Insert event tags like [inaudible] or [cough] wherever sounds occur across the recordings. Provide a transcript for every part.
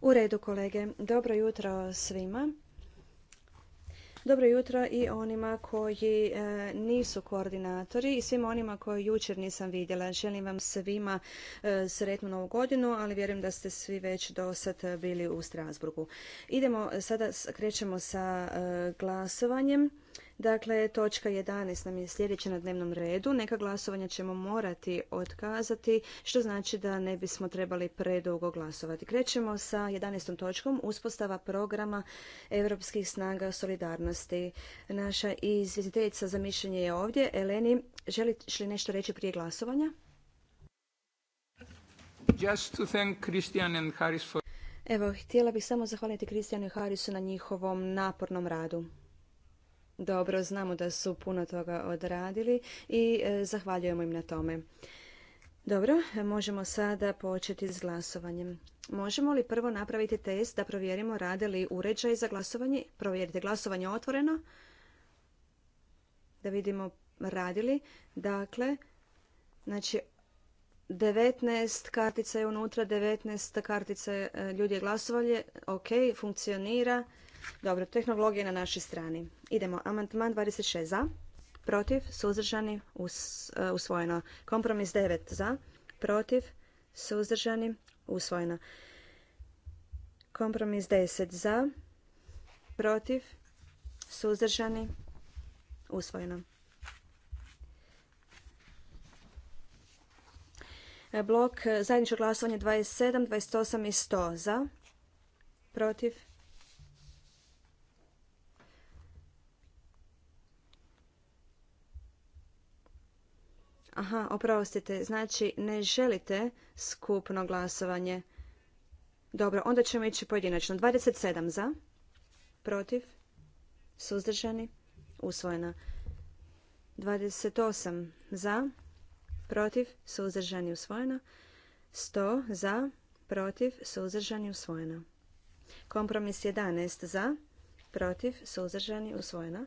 U redu kolege, dobro jutro svima. Dobro jutro i onima koji e, nisu koordinatori i svima onima koje jučer nisam vidjela. Želim vam svima e, sretnu novu godinu, ali vjerujem da ste svi već do sad bili u Strasburgu. Idemo, sada krećemo sa e, glasovanjem. Dakle, točka 11 nam je sljedeća na dnevnom redu. Neka glasovanja ćemo morati otkazati, što znači da ne bismo trebali predugo glasovati. Krećemo sa 11. točkom uspostava programa Europskih snaga solidarnosti. Naša izvjestiteljica za mišljenje je ovdje. Eleni, želiš li nešto reći prije glasovanja? Evo, htjela bih samo zahvaliti Kristijanu i Harisu na njihovom napornom radu dobro, znamo da su puno toga odradili i e, zahvaljujemo im na tome. Dobro, možemo sada početi s glasovanjem. Možemo li prvo napraviti test da provjerimo rade li uređaj za glasovanje? Provjerite glasovanje otvoreno. Da vidimo radili. Dakle, znači 19 kartica je unutra, 19 kartica e, ljudi je glasovanje. Ok, funkcionira. Dobro, tehnologija je na našoj strani. Idemo, amantman 26 e, za, protiv, suzdržani, usvojeno. Kompromis 9 za, protiv, suzdržani, usvojeno. E, e, Kompromis 10 za, protiv, suzdržani, usvojeno. Blok zajedničko glasovanje 27, 28 i 100 za, protiv, Aha, oprostite, znači ne želite skupno glasovanje. Dobro, onda ćemo ići pojedinačno. 27 za, protiv, suzdržani, usvojena. 28 za, protiv, suzdržani, usvojena. 100 za, protiv, suzdržani, usvojena. Kompromis 11 za, protiv, suzdržani, usvojena.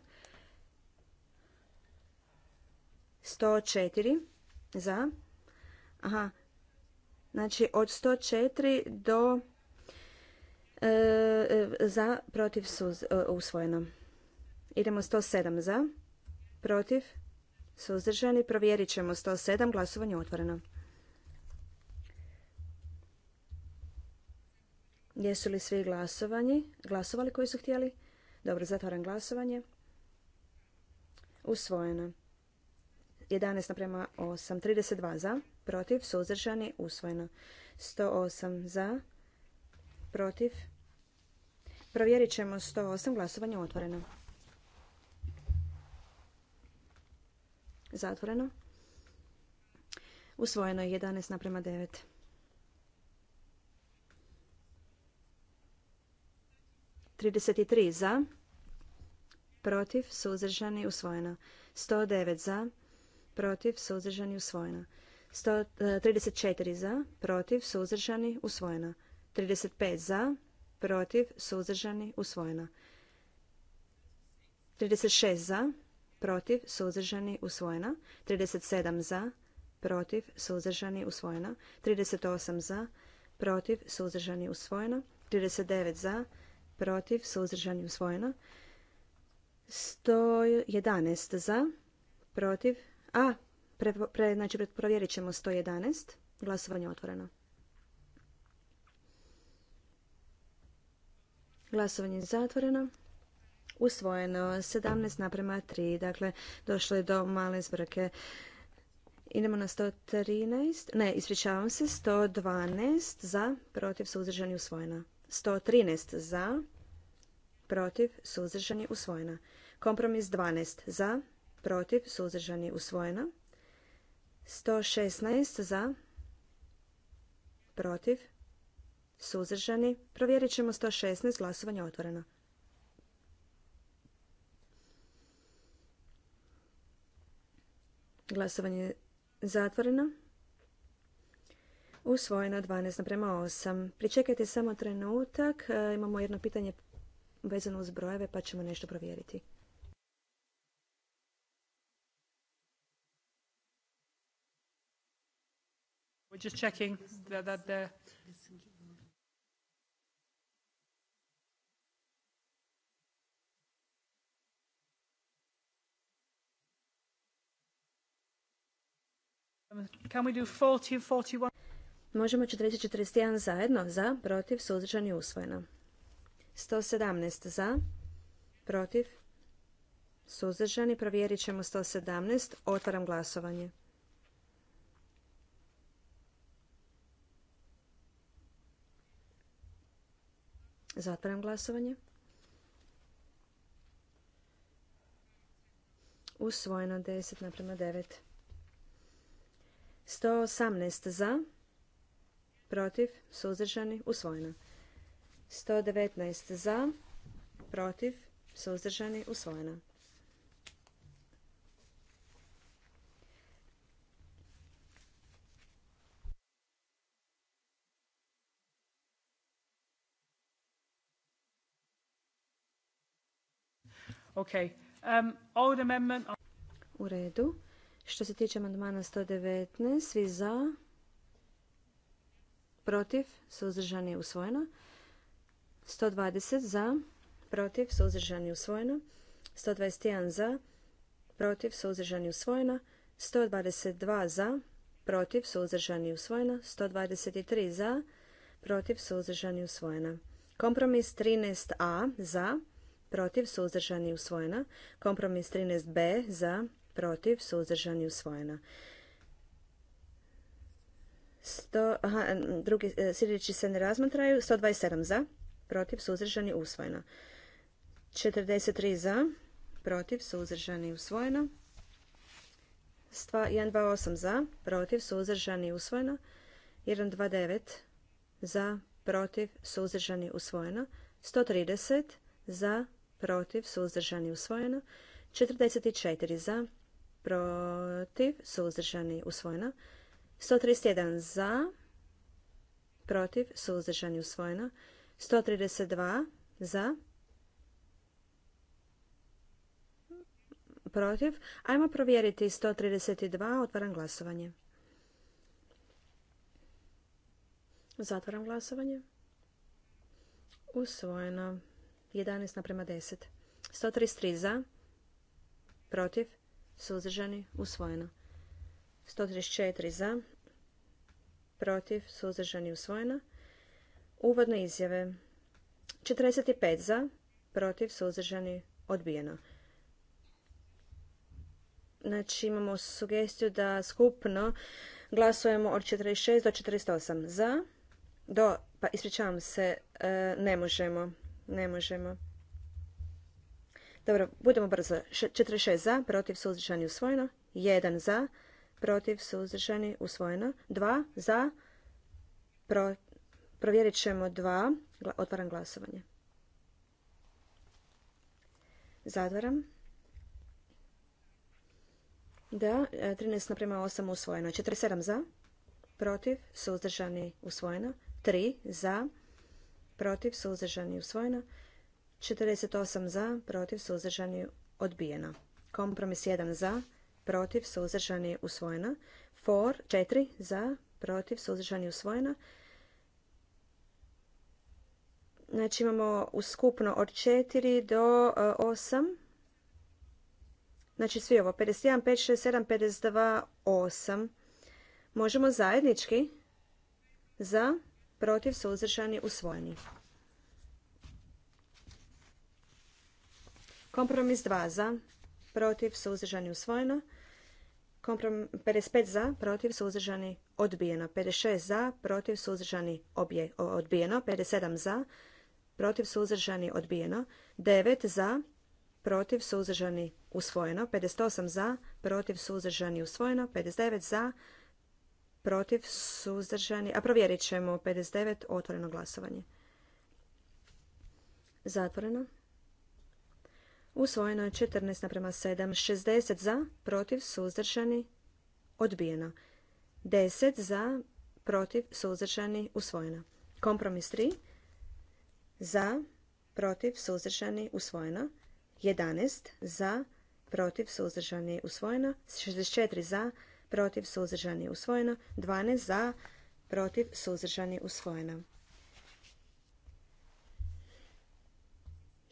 104 za. Aha. Znači od 104 do e, e, za protiv su e, usvojeno. Idemo 107 za. Protiv suzdržani. Provjerit ćemo 107. Glasovanje otvoreno. Jesu li svi glasovanji? Glasovali koji su htjeli? Dobro, zatvaram glasovanje. Usvojeno. 11 naprema 8. 32 za, protiv, suzdržani, usvojeno. 108 za, protiv. Provjerit ćemo 108, glasovanje otvoreno. Zatvoreno. Usvojeno je 11 naprema 9. 33 za, protiv, suzdržani, usvojeno. 109 za, protiv, suzdržani, usvojena. 134 e, za, protiv, suzdržani, usvojena. 35 za, protiv, suzdržani, usvojena. 36 za, protiv, suzdržani, usvojena. 37 za, protiv, suzdržani, usvojena. 38 za, protiv, suzdržani, usvojena. 39 za, protiv, suzdržani, usvojena. 111 za, protiv, a, pre, znači provjerit ćemo 111. Glasovanje otvoreno. Glasovanje je zatvoreno. Usvojeno 17 naprema 3. Dakle, došlo je do male zbrke. Idemo na 113. Ne, ispričavam se. 112 za, protiv, suzdržani, usvojena. 113 za, protiv, suzdržani, usvojena. Kompromis 12 za, protiv, suzdržani, usvojeno. 116 za, protiv, suzdržani. Provjerit ćemo 116, glasovanje otvoreno. Glasovanje zatvoreno. Usvojeno 12 naprema 8. Pričekajte samo trenutak. E, imamo jedno pitanje vezano uz brojeve pa ćemo nešto provjeriti. just checking that, that the Can we do 40 and 41? Možemo 40 41 zajedno za, protiv, i usvojeno. 117 za, protiv, i provjerit ćemo 117, otvaram glasovanje. Zatvaram glasovanje. Usvojeno 10 naprema 9. 118 za, protiv, suzdržani, usvojeno. 119 za, protiv, suzdržani, usvojeno. Ok. Um, U redu. Što se tiče amandmana 119, svi za, protiv, suzdržani, usvojeno. 120 za, protiv, suzdržani, usvojeno. 121 za, protiv, suzdržani, usvojeno. 122 za, protiv, suzdržani, usvojeno. 123 za, protiv, suzdržani, usvojeno. Kompromis 13a za, protiv, suzdržani, usvojena. Kompromis 13b za, protiv, suzdržani, usvojena. Sto, drugi e, sljedeći se ne razmatraju. 127 za, protiv, suzdržani, usvojena. 43 za, protiv, suzdržani, usvojena. 128 za, protiv, suzdržani, usvojena. 129 za, protiv, suzdržani, usvojena. 130 za, protiv, suzdržani, usvojeno. 44 za, protiv, suzdržani, usvojeno. 131 za, protiv, suzdržani, usvojeno. 132 za, protiv. Ajmo provjeriti 132, otvaram glasovanje. Zatvaram glasovanje. Usvojeno. 11 naprema 10. 133 za, protiv, suzdržani, usvojeno. 134 za, protiv, suzdržani, usvojeno. Uvodne izjave. 45 za, protiv, suzdržani, odbijeno. Znači imamo sugestiju da skupno glasujemo od 46 do 48 za, do, pa ispričavam se, e, ne možemo. Ne možemo. Dobro, budemo brzo. 46 za, protiv suzdržani usvojeno. 1 za, protiv suzdržani usvojeno. 2 za, provjerit ćemo 2. Otvaram glasovanje. Zadvaram. Da, 13 naprema 8 usvojeno. 47 za, protiv, suzdržani usvojeno. 3 za, protiv, suzdržani, usvojeno. 48 za, protiv, suzdržani, odbijeno. Kompromis 1 za, protiv, suzdržani, usvojeno. For 4 za, protiv, suzdržani, usvojeno. Znači imamo uskupno od 4 do 8. E, znači svi ovo, 51, 5, 6, 7, 52, 8. Možemo zajednički za, protiv, suzdržani, usvojeni. Kompromis 2 za, protiv, suzdržani, usvojeno. 55 za, protiv, suzdržani, odbijeno. 56 za, protiv, suzdržani, odbijeno. 57 za, protiv, suzdržani, odbijeno. 9 za, protiv, suzdržani, usvojeno. 58 za, protiv, suzdržani, usvojeno. 59 za, protiv, suzdržani. A provjerit ćemo 59 otvoreno glasovanje. Zatvoreno. Usvojeno je 14 naprema 7. 60 za, protiv, suzdržani, odbijeno. 10 za, protiv, suzdržani, usvojeno. Kompromis 3. Za, protiv, suzdržani, usvojeno. 11 za, protiv, suzdržani, usvojeno. 64 za, protiv, suzdržani, usvojeno. 12 za, protiv, suzdržani, usvojeno.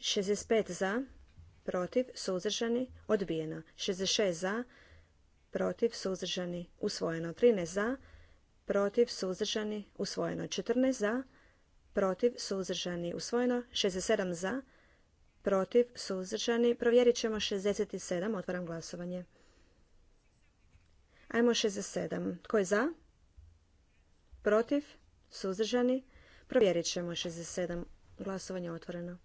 65 za, protiv, suzdržani, odbijeno. 66 za, protiv, suzdržani, usvojeno. 13 za, protiv, suzdržani, usvojeno. 14 za, protiv, suzdržani, usvojeno. 67 za, protiv, suzdržani. Provjerit ćemo 67. Otvaram glasovanje. Ajmo 67. Tko je za? Protiv? Suzdržani? Provjerit ćemo 67. Glasovanje otvoreno.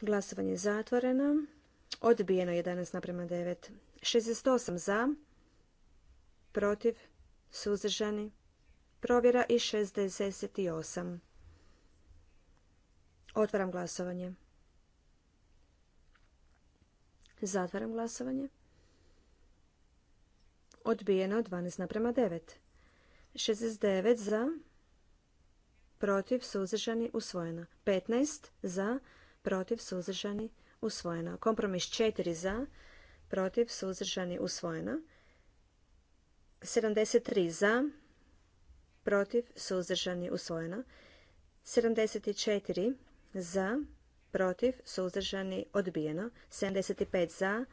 Glasovanje je zatvoreno. Odbijeno 11 naprema 9. 68 za, protiv, suzdržani. Provjera i 68. Otvaram glasovanje. Zatvaram glasovanje. Odbijeno 12 naprema 9. 69 za, protiv, suzdržani, usvojeno. 15 za, protiv protiv, suzdržani, usvojeno. Kompromis 4 za, protiv, suzdržani, usvojeno. 73 za, protiv, suzdržani, usvojeno. 74 za, protiv, suzdržani, odbijeno. 75 za,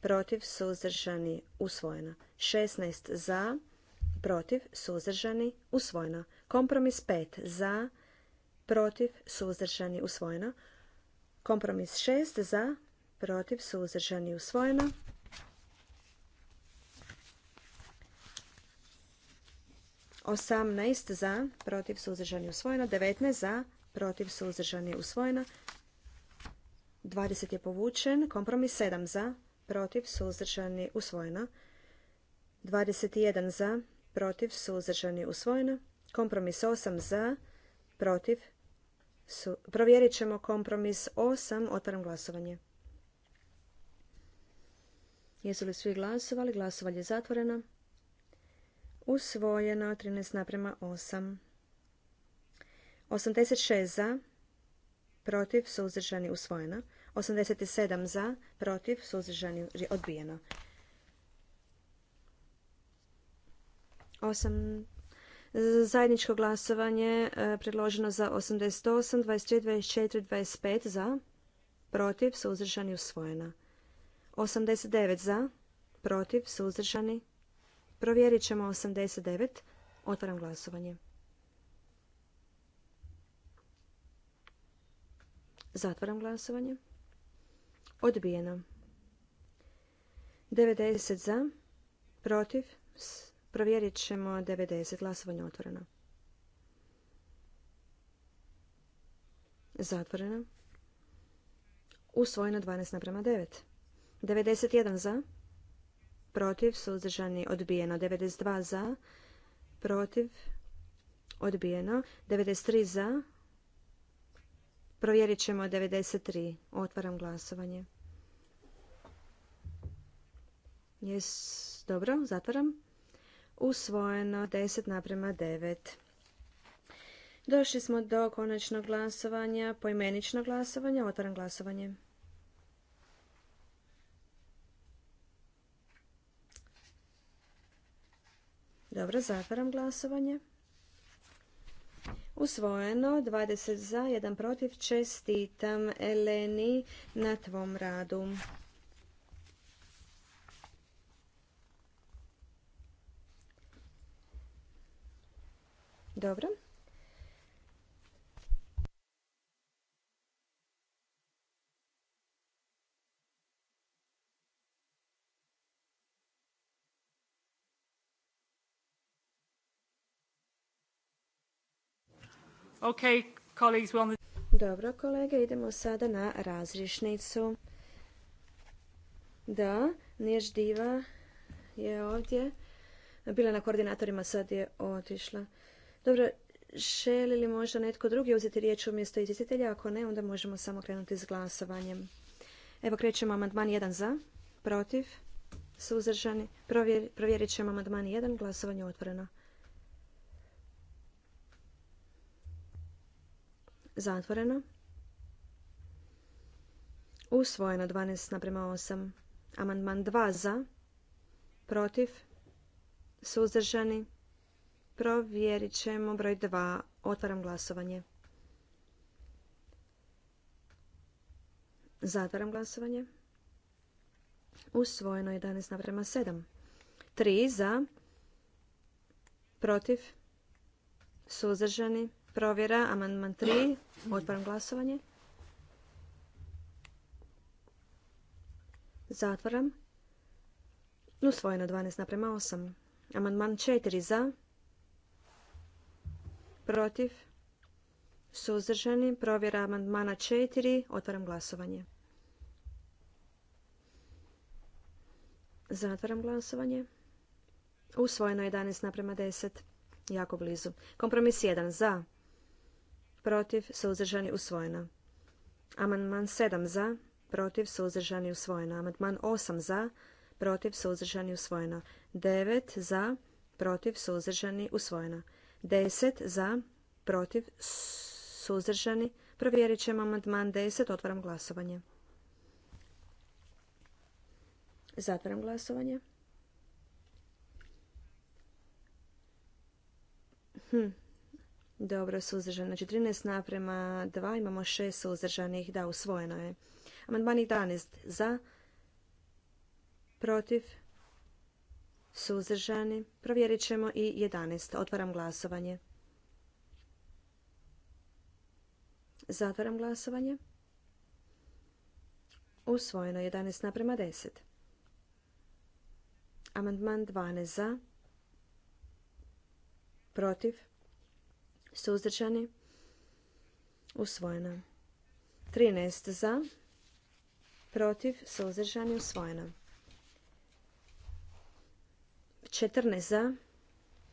protiv, suzdržani, usvojeno. 16 za, protiv, suzdržani, usvojeno. Kompromis 5 za, protiv, suzdržani, usvojeno. Kompromis 6 za, protiv, suzdržani, usvojeno. Osamnaest za, protiv, suzdržani, usvojeno. 19 za, protiv, suzdržani, usvojeno. 20 je povučen. Kompromis 7 za, protiv, suzdržani, usvojeno. 21 za, protiv, suzdržani, usvojeno. Kompromis 8 za, protiv, provjerit ćemo kompromis 8, otvaram glasovanje. Jesu li svi glasovali? Glasovanje je zatvoreno. Usvojeno 13 naprema 8. 86 za, protiv, su suzdržani, usvojeno. 87 za, protiv, su suzdržani, odbijeno. 8 Zajedničko glasovanje e, predloženo za 88, 23, 24, 25 za, protiv, suzdržani, usvojena. 89 za, protiv, suzdržani. Provjerit ćemo 89. Otvaram glasovanje. Zatvaram glasovanje. Odbijeno. 90 za, protiv, Provjerit ćemo 90. Glasovanje otvoreno. Zatvoreno. Usvojeno 12 naprema 9. 91 za. Protiv. Suzdržani. Odbijeno. 92 za. Protiv. Odbijeno. 93 za. Provjerit ćemo 93. Otvaram glasovanje. Jes, dobro, zatvaram usvojeno 10 naprema 9. Došli smo do konačnog glasovanja, poimenično glasovanje, otvaram glasovanje. Dobro, zatvaram glasovanje. Usvojeno, 20 za, 1 protiv, čestitam Eleni na tvom radu. Dobro. Okay, colleagues, Dobro, kolege, idemo sada na razrišnicu. Da, Niješ Diva je ovdje. Bila na koordinatorima, sad je otišla. Dobro, želi li možda netko drugi uzeti riječ umjesto izvjestitelja? Ako ne, onda možemo samo krenuti s glasovanjem. Evo krećemo amandman 1 za, protiv, suzdržani. Provjer, provjerit ćemo amandman 1, glasovanje otvoreno. Zatvoreno. Usvojeno 12 naprema 8. Amandman 2 za, protiv, suzdržani. Provjerit ćemo broj 2. Otvaram glasovanje. Zatvaram glasovanje. Usvojeno 11 naprema 7. 3 za, protiv, suzdržani, provjera, amandman 3, otvaram glasovanje. Zatvaram. Usvojeno 12 naprema 8. Amandman 4 za, protiv, suzdržani, provjera amandmana 4, otvaram glasovanje. Zatvaram glasovanje. Usvojeno 11 naprema 10, jako blizu. Kompromis 1, za, protiv, suzdržani, usvojeno. Amandman 7 za, protiv, suzdržani, usvojeno. Amandman 8 za, protiv, suzdržani, usvojeno. 9 za, protiv, suzdržani, usvojeno. 10 za, protiv, suzdržani. Provjerit ćemo amandman 10. Otvaram glasovanje. Zatvaram glasovanje. Hm. Dobro, suzdržano. Znači 13 naprema 2, imamo 6 suzdržanih. Da, usvojeno je. Amandman 11 za, protiv, suzdržani. Provjerit ćemo i 11. Otvaram glasovanje. Zatvaram glasovanje. Usvojeno 11 naprema 10. Amandman 12 za. Protiv. Suzdržani. Usvojeno. 13 za. Protiv. Suzdržani. Usvojeno. 14 za,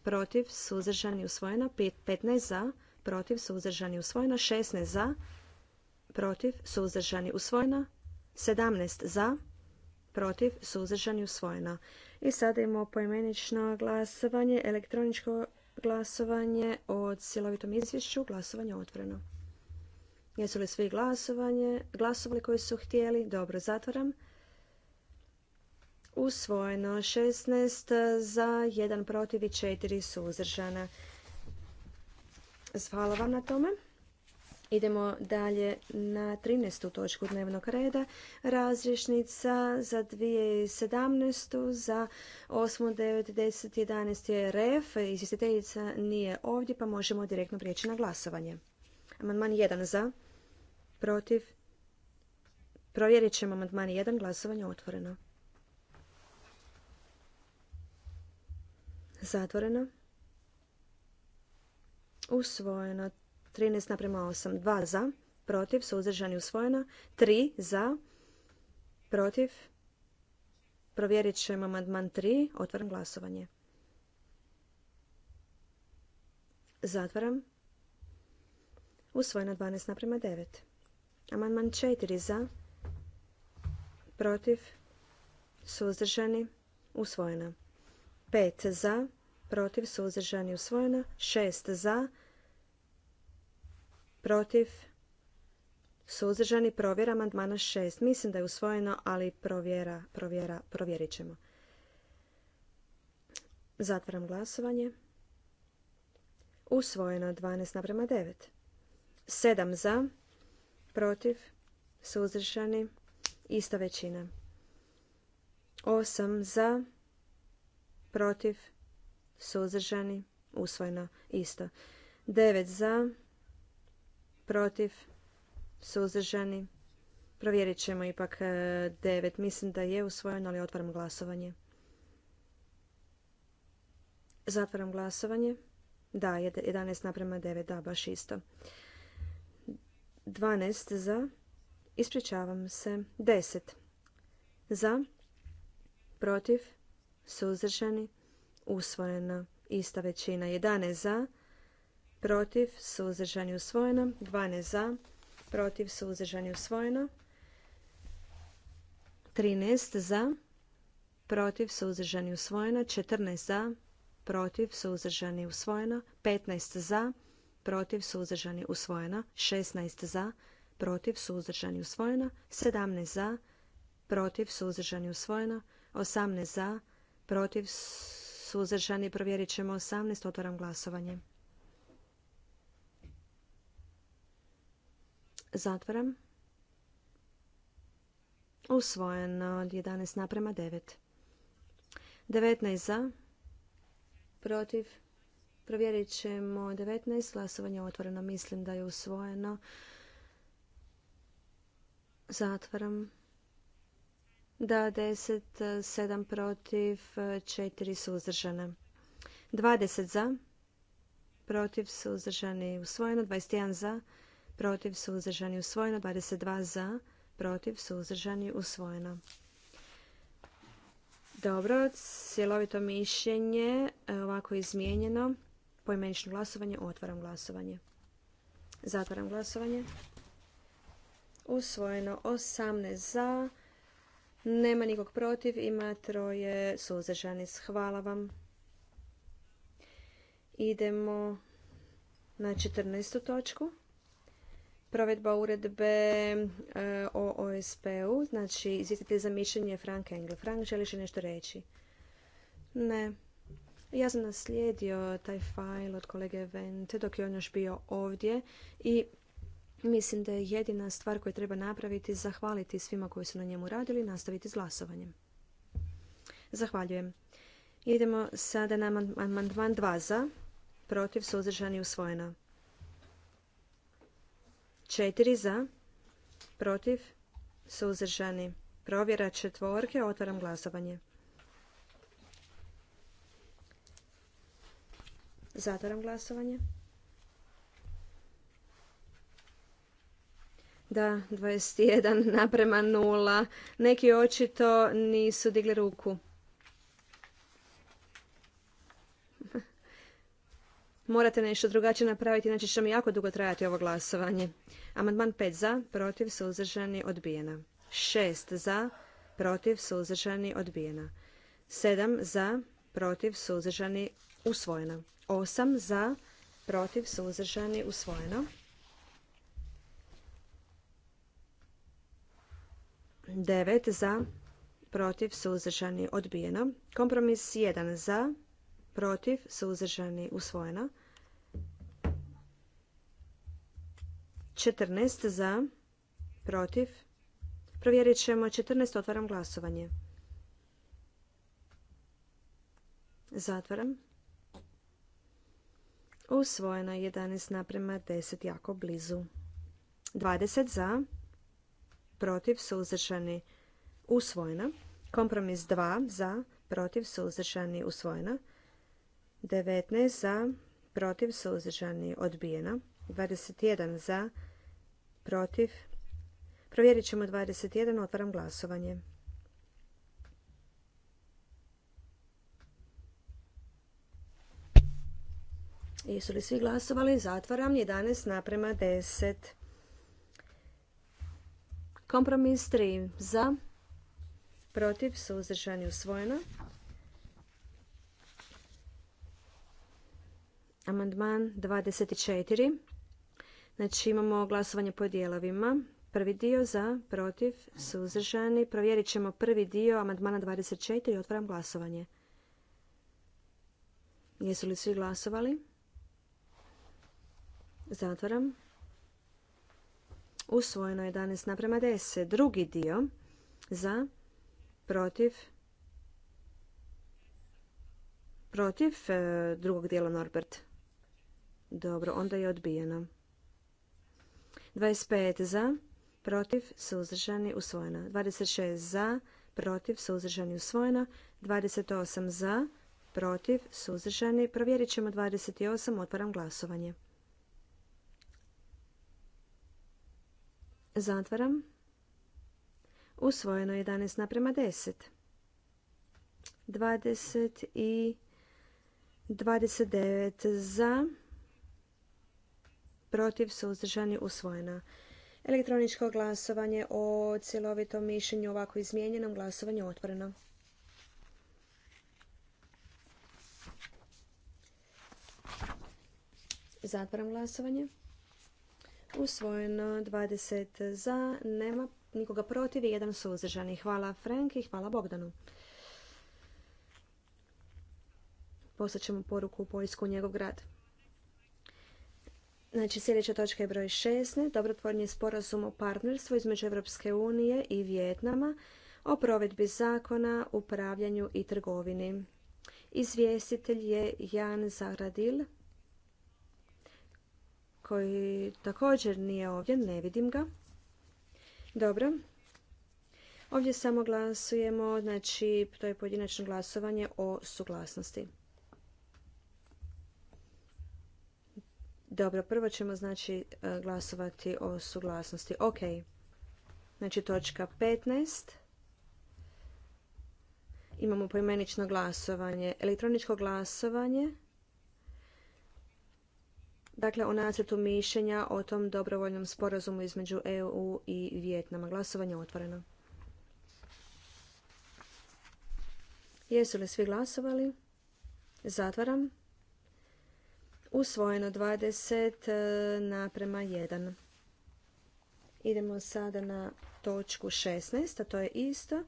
protiv, suzdržani, usvojeno. 15 za, protiv, suzdržani, usvojeno. 16 za, protiv, suzdržani, usvojeno. 17 za, protiv, suzdržani, usvojeno. I sada imamo poimenično glasovanje, elektroničko glasovanje o cjelovitom izvješću, glasovanje otvoreno. Jesu li svi glasovanje, glasovali koji su htjeli? Dobro, zatvaram usvojeno 16 za 1 protiv i 4 suzržana. Hvala vam na tome. Idemo dalje na 13. točku dnevnog reda. Razrišnica za 2017. za 8. 9. 10. 11. je REF. Izvjestiteljica nije ovdje pa možemo direktno prijeći na glasovanje. Amandman 1 za, protiv. Provjerit ćemo amandman 1. Glasovanje otvoreno. Zatvoreno. Usvojeno. 13 naprema 8. 2 za. Protiv. Suzdržani usvojeno. 3 za. Protiv. Provjerit ćemo amandman 3. Otvaram glasovanje. Zatvaram. Usvojeno 12 naprema 9. Amandman 4 za. Protiv. Suzdržani. Usvojeno. 5 za, protiv, suzdržani, usvojeno. 6 za, protiv, suzdržani, provjera amandmana 6. Mislim da je usvojeno, ali provjera, provjera, provjerit ćemo. Zatvaram glasovanje. Usvojeno 12 naprema 9. 7 za, protiv, suzdržani, ista većina. 8 za, protiv, suzdržani, usvojeno, isto. 9 za, protiv, suzdržani. Provjerit ćemo ipak 9. E, Mislim da je usvojeno, ali otvaram glasovanje. Zatvaram glasovanje. Da, 11 naprema 9, da, baš isto. 12 za, ispričavam se, 10 za, protiv, suzdržani, usvojeno. Ista većina 11 za, protiv, suzdržani, usvojeno. 12 za, protiv, suzdržani, usvojeno. 13 za, protiv, suzdržani, usvojeno. 14 za, protiv, suzdržani, usvojeno. 15 za, protiv, suzdržani, usvojeno. 16 za, protiv, suzdržani, usvojeno. 17 za, protiv, suzdržani, usvojeno. 18 za, protiv, suzdržani, provjerit ćemo 18. Otvaram glasovanje. Zatvaram. Usvojeno od 11 naprema 9. 19 za, protiv, provjerit ćemo 19. Glasovanje otvoreno, mislim da je usvojeno. Zatvaram da 10, protiv, 4 suzdržana. 20 za, protiv suzdržani usvojeno, 21 za, protiv suzdržani usvojeno, 22 za, protiv suzdržani usvojeno. Dobro, cjelovito mišljenje ovako izmijenjeno. Poimenično glasovanje, otvaram glasovanje. Zatvaram glasovanje. Usvojeno 18 za, nema nikog protiv, ima troje suzdržanih. Hvala vam. Idemo na 14. točku. Provedba uredbe e, o OSP-u, znači izvjetite, za mišljenje Frank Engel. Frank, želiš li nešto reći? Ne. Ja sam naslijedio taj fajl od kolege Vente dok je on još bio ovdje i Mislim da je jedina stvar koju treba napraviti zahvaliti svima koji su na njemu radili i nastaviti s glasovanjem. Zahvaljujem. Idemo sada na amandman 2 za, protiv, suzdržani, usvojeno. 4 za, protiv, suzdržani. Provjera četvorke, otvaram glasovanje. Zatvaram glasovanje. Da, 21 [laughs] naprema nula. Neki očito nisu digli ruku. [laughs] Morate nešto drugačije napraviti, inače će vam jako dugo trajati ovo glasovanje. Amandman 5 za, protiv, suzdržani, odbijena. 6 za, protiv, suzdržani, odbijena. 7 za, protiv, suzdržani, usvojena. 8 za, protiv, suzdržani, usvojena. 9 za, protiv, suzdržani, odbijeno. Kompromis 1 za, protiv, suzdržani, usvojeno. 14 za, protiv. Provjerit ćemo 14, otvaram glasovanje. Zatvaram. Usvojeno 11 naprema 10, jako blizu. 20 za, protiv, suzdržani, usvojena. Kompromis 2 za, protiv, suzdržani, usvojena. 19 za, protiv, suzdržani, odbijena. 21 za, protiv. Provjerit ćemo 21, otvaram glasovanje. Jesu li svi glasovali? Zatvaram 11 naprema 10. Kompromis 3 za, protiv, suzdržani, usvojeno. Amandman 24. Znači imamo glasovanje po dijelovima. Prvi dio za, protiv, suzdržani. Provjerit ćemo prvi dio amandmana 24. Otvaram glasovanje. Jesu li svi glasovali? Zatvaram usvojeno 11 naprema 10. Drugi dio za, protiv, protiv e, drugog dijela Norbert. Dobro, onda je odbijeno. 25 za, protiv, suzdržani, usvojeno. 26 za, protiv, suzdržani, usvojeno. 28 za, protiv, suzdržani. Provjerit ćemo 28, otvaram glasovanje. Zatvaram. Usvojeno 11 naprema 10. 20 i 29 za. Protiv su suzdržani usvojena. Elektroničko glasovanje o cjelovitom mišljenju ovako izmijenjenom glasovanju otvoreno. Zatvaram glasovanje. Usvojeno 20 za, nema nikoga protiv i jedan suzdržani. Hvala Frank i hvala Bogdanu. Poslat ćemo poruku u Poljsku u njegov grad. Znači, sljedeća točka je broj 16. Dobrotvorni sporazum o partnerstvu između Europske unije i Vijetnama o provedbi zakona, upravljanju i trgovini. Izvjestitelj je Jan Zagradil koji također nije ovdje, ne vidim ga. Dobro. Ovdje samo glasujemo, znači to je pojedinačno glasovanje o suglasnosti. Dobro, prvo ćemo znači e, glasovati o suglasnosti. Ok, znači točka 15. Imamo poimenično glasovanje, elektroničko glasovanje Dakle, o nacrtu mišljenja o tom dobrovoljnom sporazumu između EU i Vijetnama. Glasovanje otvoreno. Jesu li svi glasovali? Zatvaram. Usvojeno 20 e, naprema 1. Idemo sada na točku 16, a to je isto.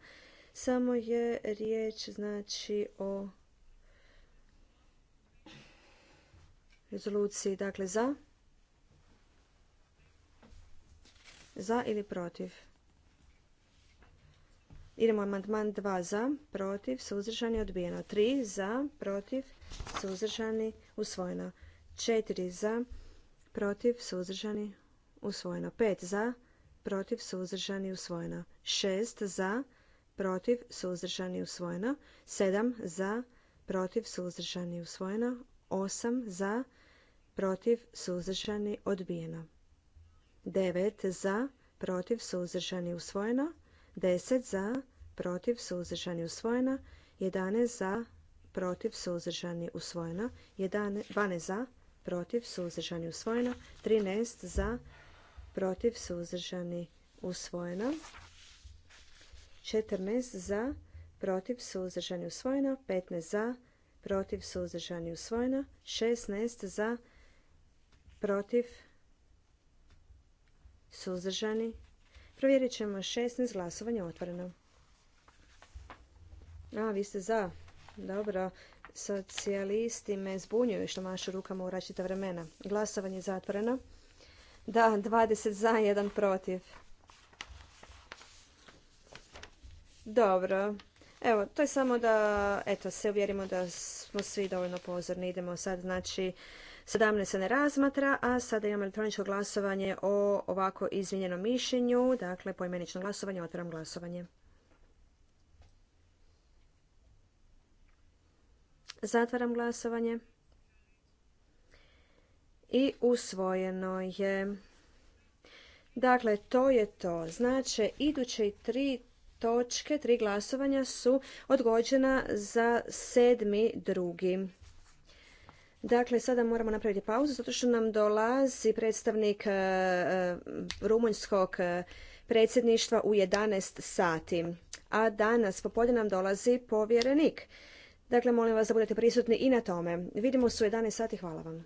Samo je riječ znači o rezoluciji. Dakle, za? Za ili protiv? Idemo amandman 2 za, protiv, suzdržani, odbijeno. 3 za, protiv, suzdržani, usvojeno. 4 za, protiv, suzdržani, usvojeno. 5 za, protiv, suzdržani, usvojeno. 6 za, protiv, suzdržani, usvojeno. 7 za, protiv, suzdržani, usvojeno. 8 za, protiv suzdržani odbijeno 9 za protiv suzdržani usvojeno 10 za protiv suzdržani usvojeno 11 za protiv suzdržani usvojeno 12 za protiv suzdržani usvojeno 13 za protiv suzdržani usvojeno 14 za protiv suzdržani usvojeno 15 za protiv suzdržani usvojeno 16 za protiv, suzdržani. Provjerit ćemo 16 glasovanja otvoreno. A, vi ste za. Dobro. Socijalisti me zbunjuju što mašu rukama u račita vremena. Glasovanje je zatvoreno. Da, 20 za, 1 protiv. Dobro. Evo, to je samo da eto, se uvjerimo da smo svi dovoljno pozorni. Idemo sad, znači, 17 se ne razmatra, a sada imamo elektroničko glasovanje o ovako izmijenjenom mišljenju. Dakle, poimenično glasovanje, otvaram glasovanje. Zatvaram glasovanje. I usvojeno je. Dakle, to je to. Znači, iduće tri točke, tri glasovanja su odgođena za sedmi drugi. Dakle, sada moramo napraviti pauzu zato što nam dolazi predstavnik e, e, rumunjskog e, predsjedništva u 11 sati. A danas popodne nam dolazi povjerenik. Dakle, molim vas da budete prisutni i na tome. Vidimo se u 11 sati. Hvala vam.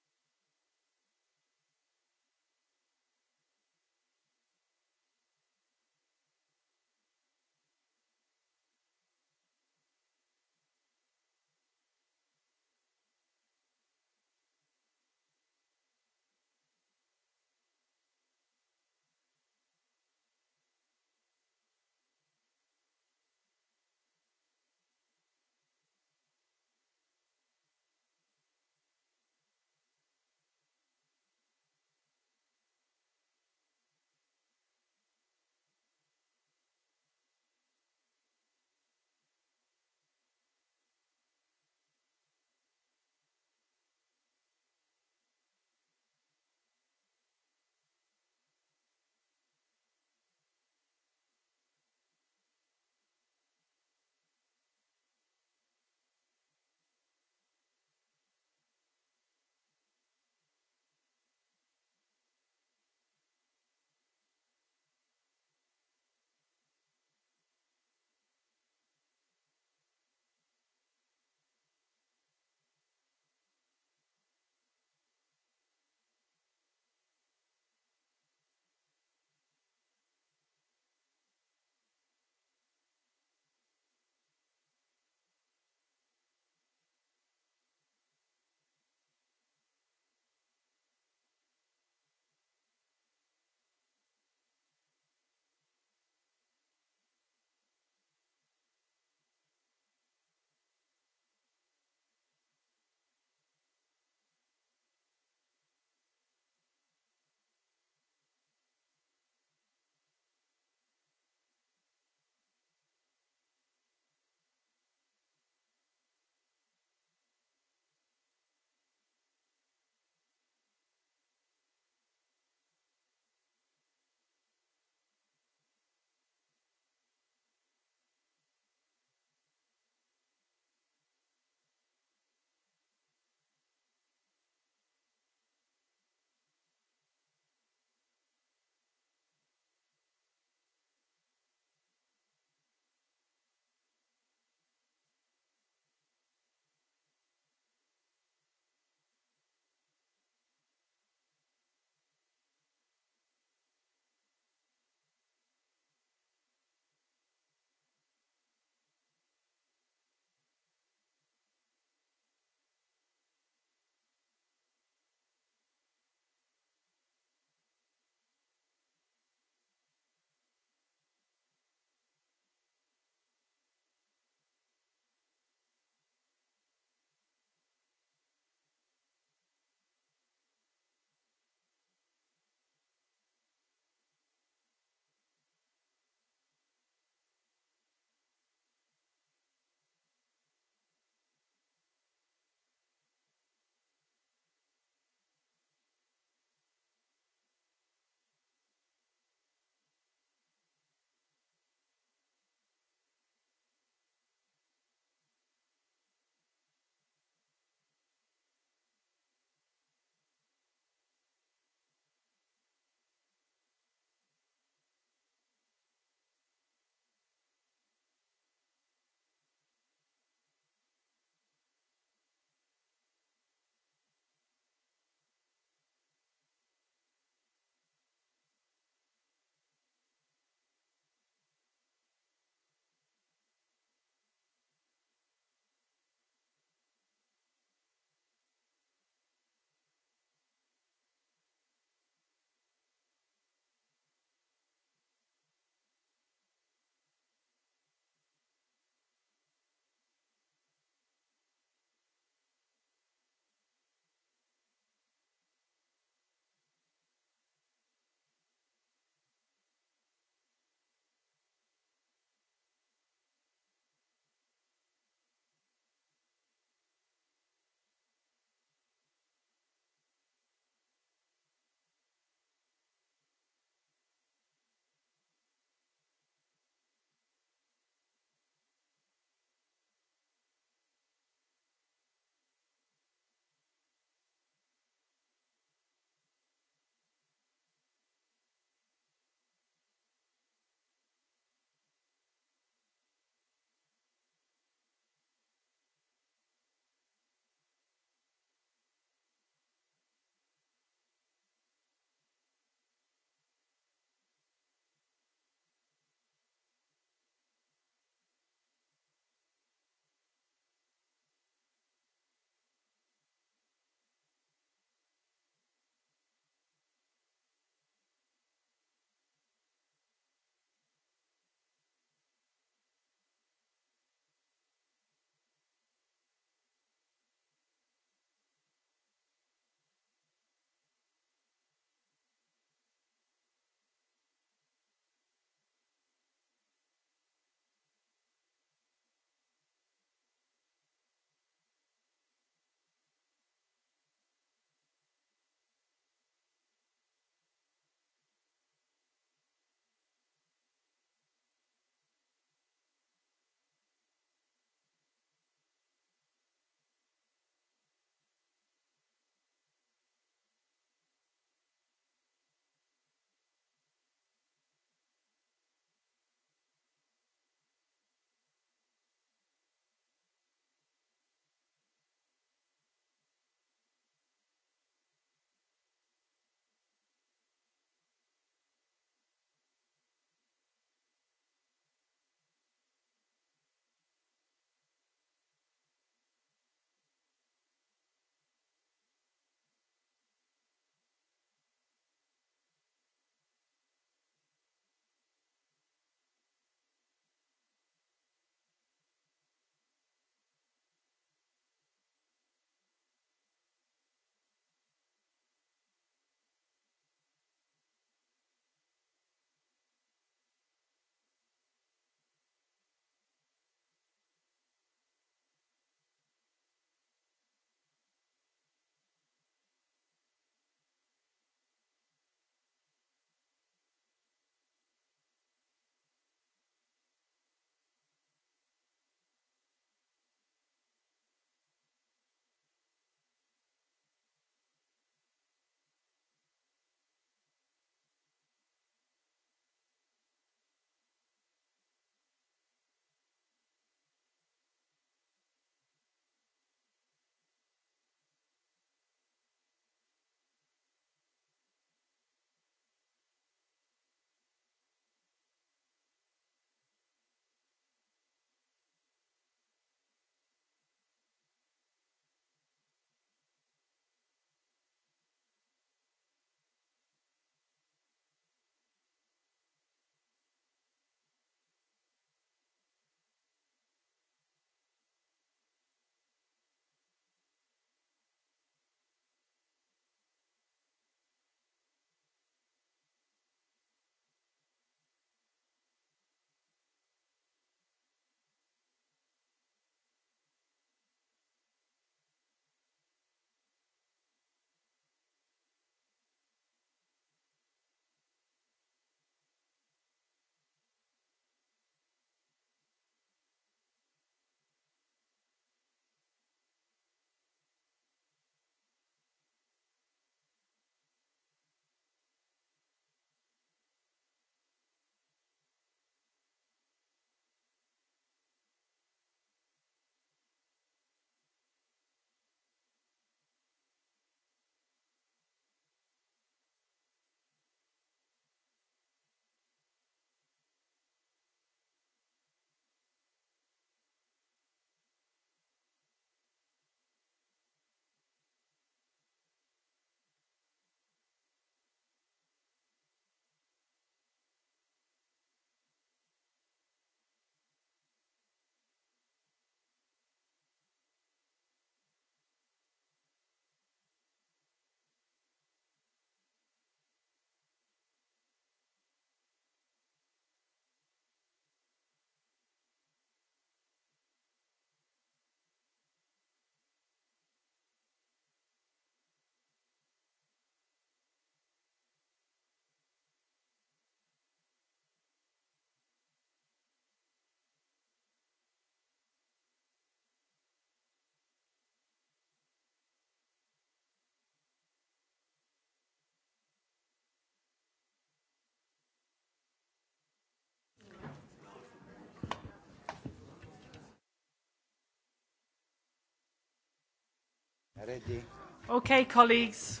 Ready. Okay, colleagues.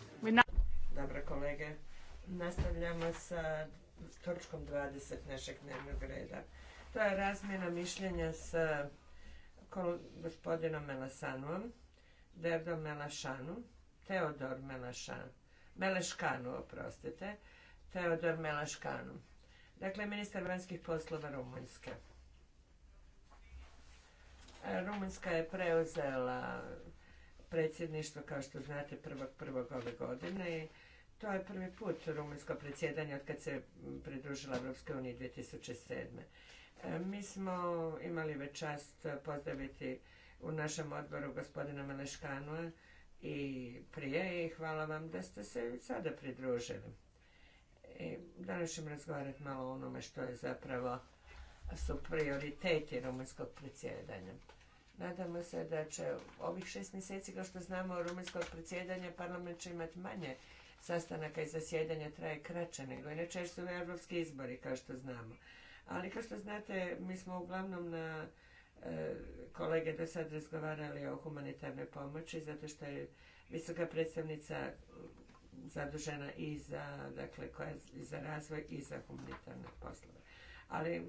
kolege. Nastavljamo sa točkom 20 našeg dnevnog reda. To je razmjena mišljenja s gospodinom Melasanom, Derdom Melašanu, Teodor Melašan, Meleškanu, oprostite, Teodor Melaškanu. Dakle, ministar vanjskih poslova Rumunjske. Rumunjska je preuzela predsjedništvo, kao što znate, prvog ove godine i to je prvi put rumunjsko predsjedanje od kad se pridružila Europskoj uniji 2007. E, mi smo imali već čast pozdraviti u našem odboru gospodina Meleškanua i prije i hvala vam da ste se sada pridružili. I danas ćemo razgovarati malo o onome što je zapravo su prioriteti rumunjskog predsjedanja. Nadamo se da će ovih šest mjeseci, kao što znamo, rumunjskog predsjedanja parlament će imati manje sastanaka i zasjedanja traje kraće nego inače jer su europski izbori, kao što znamo. Ali kao što znate, mi smo uglavnom na e, kolege do sad razgovarali o humanitarnoj pomoći, zato što je visoka predstavnica zadužena i za, dakle, koja, za razvoj i za humanitarne poslove. Ali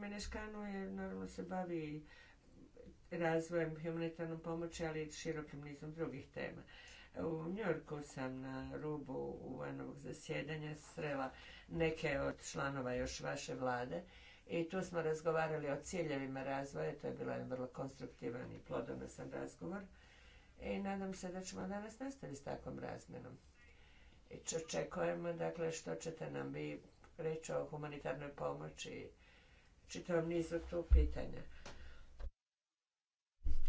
Meneškanu je, naravno, se bavi razvojem humanitarnom pomoći, ali i širokim nizom drugih tema. U Njorku sam na rubu UN-ovog zasjedanja srela neke od članova još vaše vlade i tu smo razgovarali o ciljevima razvoja, to je bilo jedan vrlo konstruktivan i plodonosan razgovor i nadam se da ćemo danas nastaviti s takvom razmjenom. I očekujemo, dakle, što ćete nam vi reći o humanitarnoj pomoći i čitavom nizu tu pitanja.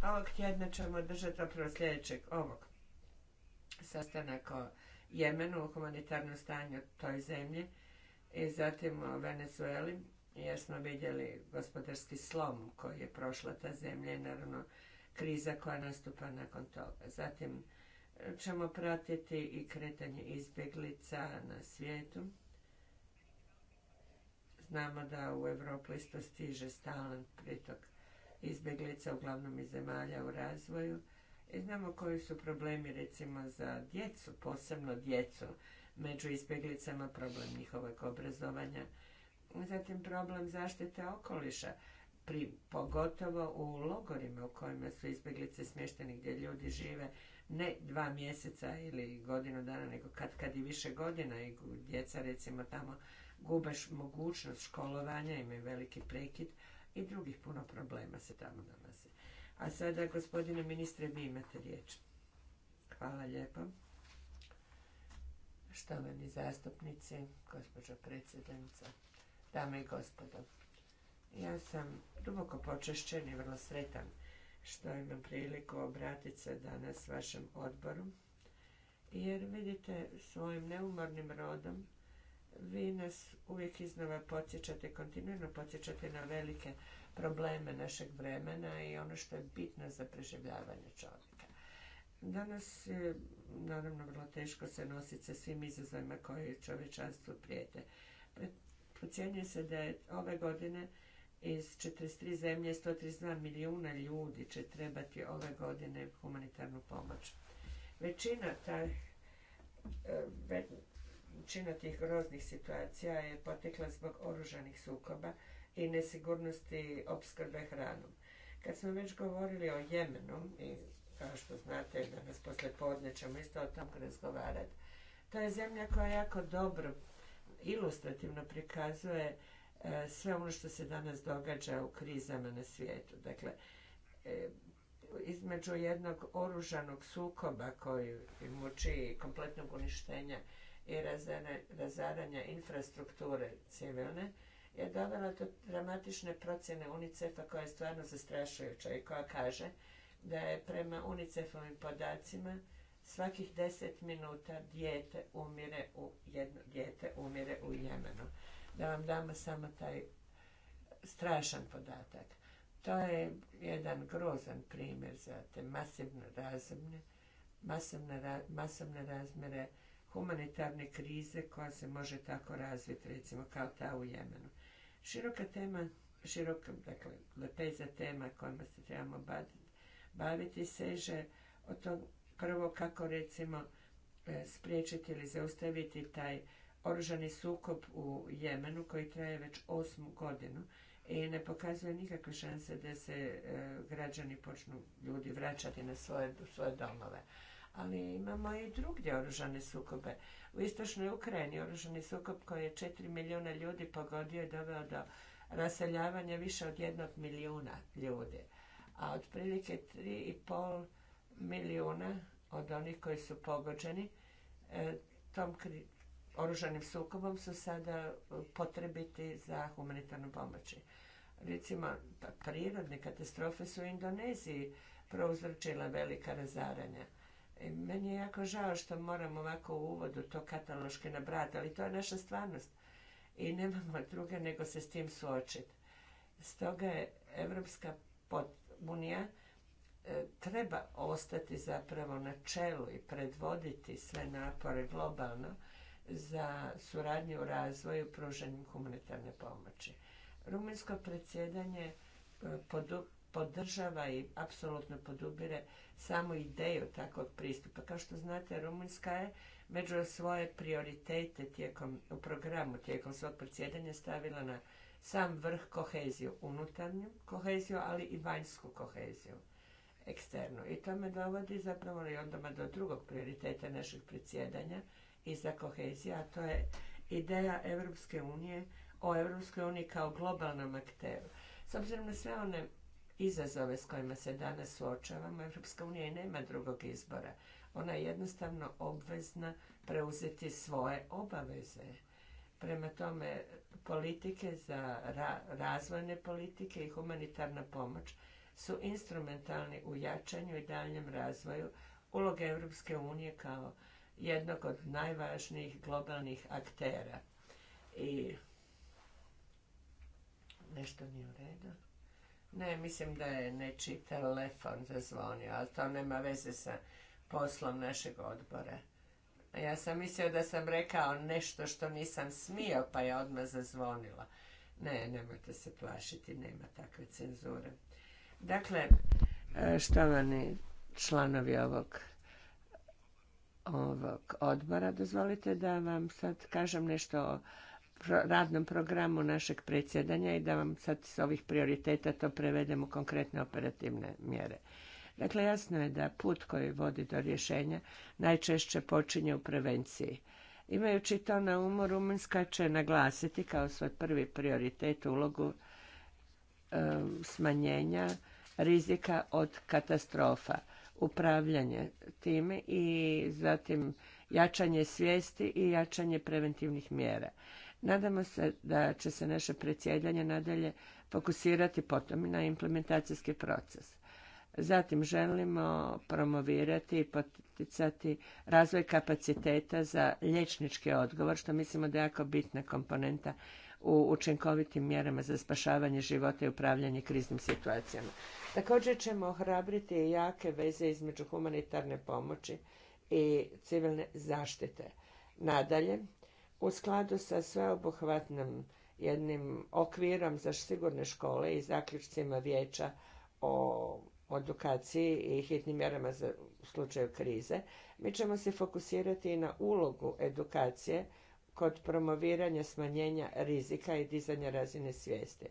Ovog tjedna ćemo držati zapravo sljedećeg ovog sastanak o Jemenu, o humanitarnom stanju toj zemlji i zatim o Venezueli jer smo vidjeli gospodarski slom koji je prošla ta zemlja i naravno kriza koja nastupa nakon toga. Zatim e, ćemo pratiti i kretanje izbjeglica na svijetu. Znamo da u Evropu isto stiže stalan pritok izbjeglica, uglavnom iz zemalja u razvoju. I znamo koji su problemi recimo za djecu, posebno djecu među izbjeglicama, problem njihovog obrazovanja. Zatim problem zaštite okoliša, pri, pogotovo u logorima u kojima su izbjeglice smješteni gdje ljudi žive ne dva mjeseca ili godinu dana, nego kad, kad i više godina i djeca recimo tamo gube mogućnost školovanja, imaju veliki prekid i drugih puno problema se tamo nalaze. A sada, gospodine ministre, vi imate riječ. Hvala lijepo. Štovani zastupnici, gospođo predsjednica, dame i gospodo. Ja sam duboko počešćen i vrlo sretan što imam priliku obratiti se danas vašem odboru, jer vidite svojim neumornim rodom vi nas uvijek iznova podsjećate, kontinuirno podsjećate na velike probleme našeg vremena i ono što je bitno za preživljavanje čovjeka. Danas je naravno vrlo teško se nositi sa svim izazovima koje čovječanstvu prijete. Procjenjuje se da je ove godine iz 43 zemlje 132 milijuna ljudi će trebati ove godine humanitarnu pomoć. Većina taj e, većina tih groznih situacija je potekla zbog oružanih sukoba i nesigurnosti opskrbe hranom. Kad smo već govorili o Jemenu, i kao što znate danas poslije ćemo isto o tom razgovarati, to je zemlja koja jako dobro ilustrativno prikazuje e, sve ono što se danas događa u krizama na svijetu. Dakle, e, između jednog oružanog sukoba koji muči kompletnog uništenja i razaranja infrastrukture civilne je dovela do dramatične procjene UNICEF-a koja je stvarno zastrašujuća i koja kaže da je prema UNICEF-ovim podacima svakih deset minuta dijete umire u, jedno dijete umire u Jemenu. Da vam damo samo taj strašan podatak. To je jedan grozan primjer za te masivne razmjere, masivne, masovne razmjere humanitarne krize koja se može tako razviti, recimo kao ta u Jemenu. Široka tema, široka, dakle, lepeza tema kojima se trebamo baviti seže od tog prvo kako recimo e, spriječiti ili zaustaviti taj oružani sukob u Jemenu koji traje već osmu godinu i ne pokazuje nikakve šanse da se e, građani počnu ljudi vraćati na svoje domove ali imamo i drugdje oružane sukobe. U istočnoj Ukrajini oružani sukob koji je četiri milijuna ljudi pogodio je doveo do raseljavanja više od jednog milijuna ljudi. A otprilike pol milijuna od onih koji su pogođeni e, tom oružanim sukobom su sada potrebiti za humanitarnu pomoći. Recimo, pa prirodne katastrofe su u Indoneziji prouzročile velika razaranja. E, meni je jako žao što moram ovako u uvodu to kataloške nabrati, ali to je naša stvarnost i nemamo druge nego se s tim suočiti. Stoga je Evropska unija e, treba ostati zapravo na čelu i predvoditi sve napore globalno za suradnju u razvoju pruženim humanitarne pomoći. Rumunjsko predsjedanje e, podržava i apsolutno podubire samu ideju takvog pristupa. Kao što znate, Rumunjska je među svoje prioritete tijekom, u programu tijekom svog predsjedanja stavila na sam vrh koheziju, unutarnju koheziju, ali i vanjsku koheziju, eksternu. I to me dovodi zapravo i onda do drugog prioriteta našeg predsjedanja i za kohezija a to je ideja Europske unije o Europskoj uniji kao globalnom akteru. S obzirom na sve one izazove s kojima se danas suočavamo, Europska unija i nema drugog izbora. Ona je jednostavno obvezna preuzeti svoje obaveze. Prema tome, politike za razvojne politike i humanitarna pomoć su instrumentalni u jačanju i daljem razvoju uloge Europske unije kao jednog od najvažnijih globalnih aktera. I nešto nije u redu. Ne, mislim da je nečiji telefon zazvonio, ali to nema veze sa poslom našeg odbora. Ja sam mislio da sam rekao nešto što nisam smio, pa je odmah zazvonila. Ne, nemojte se plašiti, nema takve cenzure. Dakle, e, štovani članovi ovog ovog odbora. Dozvolite da vam sad kažem nešto o radnom programu našeg predsjedanja i da vam sad s ovih prioriteta to prevedemo u konkretne operativne mjere. Dakle, jasno je da put koji vodi do rješenja najčešće počinje u prevenciji. Imajući to na umu, Rumunjska će naglasiti kao svoj prvi prioritet ulogu e, smanjenja rizika od katastrofa, upravljanje time i zatim jačanje svijesti i jačanje preventivnih mjera. Nadamo se da će se naše predsjedanje nadalje fokusirati potom na implementacijski proces. Zatim želimo promovirati i poticati razvoj kapaciteta za liječnički odgovor, što mislimo da je jako bitna komponenta u učinkovitim mjerama za spašavanje života i upravljanje kriznim situacijama. Također ćemo ohrabriti jake veze između humanitarne pomoći i civilne zaštite. Nadalje, u skladu sa sveobuhvatnim jednim okvirom za sigurne škole i zaključcima vijeća o edukaciji i hitnim mjerama za, u slučaju krize, mi ćemo se fokusirati i na ulogu edukacije kod promoviranja smanjenja rizika i dizanja razine svijesti.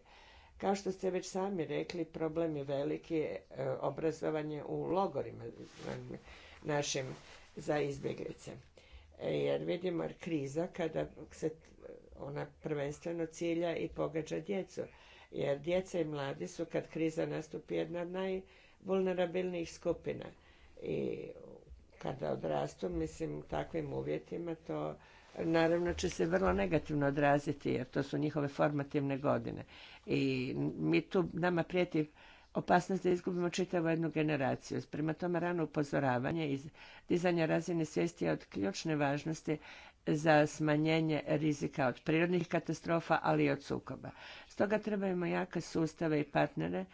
Kao što ste već sami rekli, problem je veliki e, obrazovanje u logorima našim za izbjeglice. E, jer vidimo jer kriza kada se ona prvenstveno cilja i pogađa djecu. Jer djeca i mladi su kad kriza nastupi jedna od najvulnerabilnijih skupina. I kada odrastu, mislim, u takvim uvjetima, to naravno će se vrlo negativno odraziti, jer to su njihove formativne godine. I mi tu, nama prijeti opasnost da izgubimo čitavu jednu generaciju. Prema tome rano upozoravanje i dizanje razine svijesti je od ključne važnosti za smanjenje rizika od prirodnih katastrofa, ali i od sukoba. Stoga trebamo jake sustave i partnere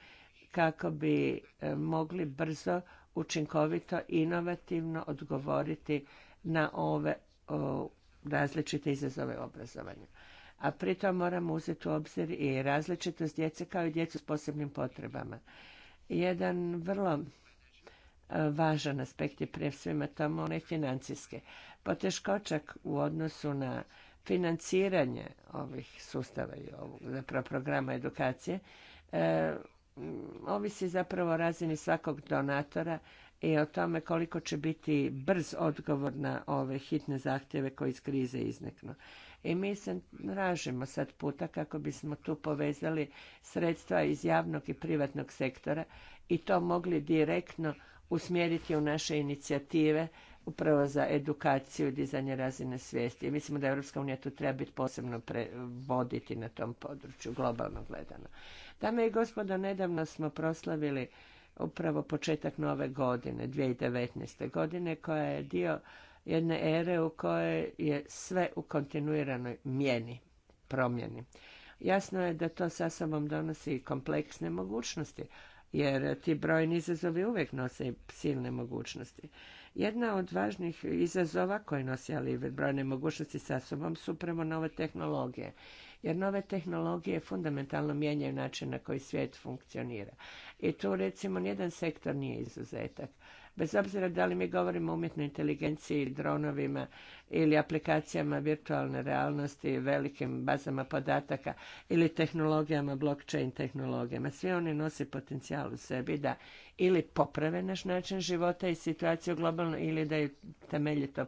kako bi e, mogli brzo, učinkovito, inovativno odgovoriti na ove različite izazove obrazovanja a pritom moramo uzeti u obzir i različitost djece kao i djecu s posebnim potrebama. Jedan vrlo e, važan aspekt je prije svima tamo onaj financijski. Poteškoćak u odnosu na financiranje ovih sustava i ovog zapravo programa edukacije e, ovisi zapravo o razini svakog donatora i o tome koliko će biti brz odgovor na ove hitne zahtjeve koji iz krize izniknu. I mi se tražimo sad puta kako bismo tu povezali sredstva iz javnog i privatnog sektora i to mogli direktno usmjeriti u naše inicijative upravo za edukaciju i dizanje razine svijesti. I mislimo da Europska unija tu treba biti posebno voditi na tom području, globalno gledano. Dame i gospodo, nedavno smo proslavili upravo početak nove godine, 2019. godine, koja je dio jedne ere u kojoj je sve u kontinuiranoj mjeni, promjeni. Jasno je da to sa sobom donosi kompleksne mogućnosti, jer ti brojni izazovi uvijek nose silne mogućnosti. Jedna od važnih izazova koje nosi ali brojne mogućnosti sa sobom su upravo nove tehnologije. Jer nove tehnologije fundamentalno mijenjaju način na koji svijet funkcionira. I tu recimo nijedan sektor nije izuzetak. Bez obzira da li mi govorimo o umjetnoj inteligenciji, dronovima ili aplikacijama virtualne realnosti, velikim bazama podataka ili tehnologijama, blockchain tehnologijama, svi oni nose potencijal u sebi da ili poprave naš način života i situaciju globalno ili da je temeljito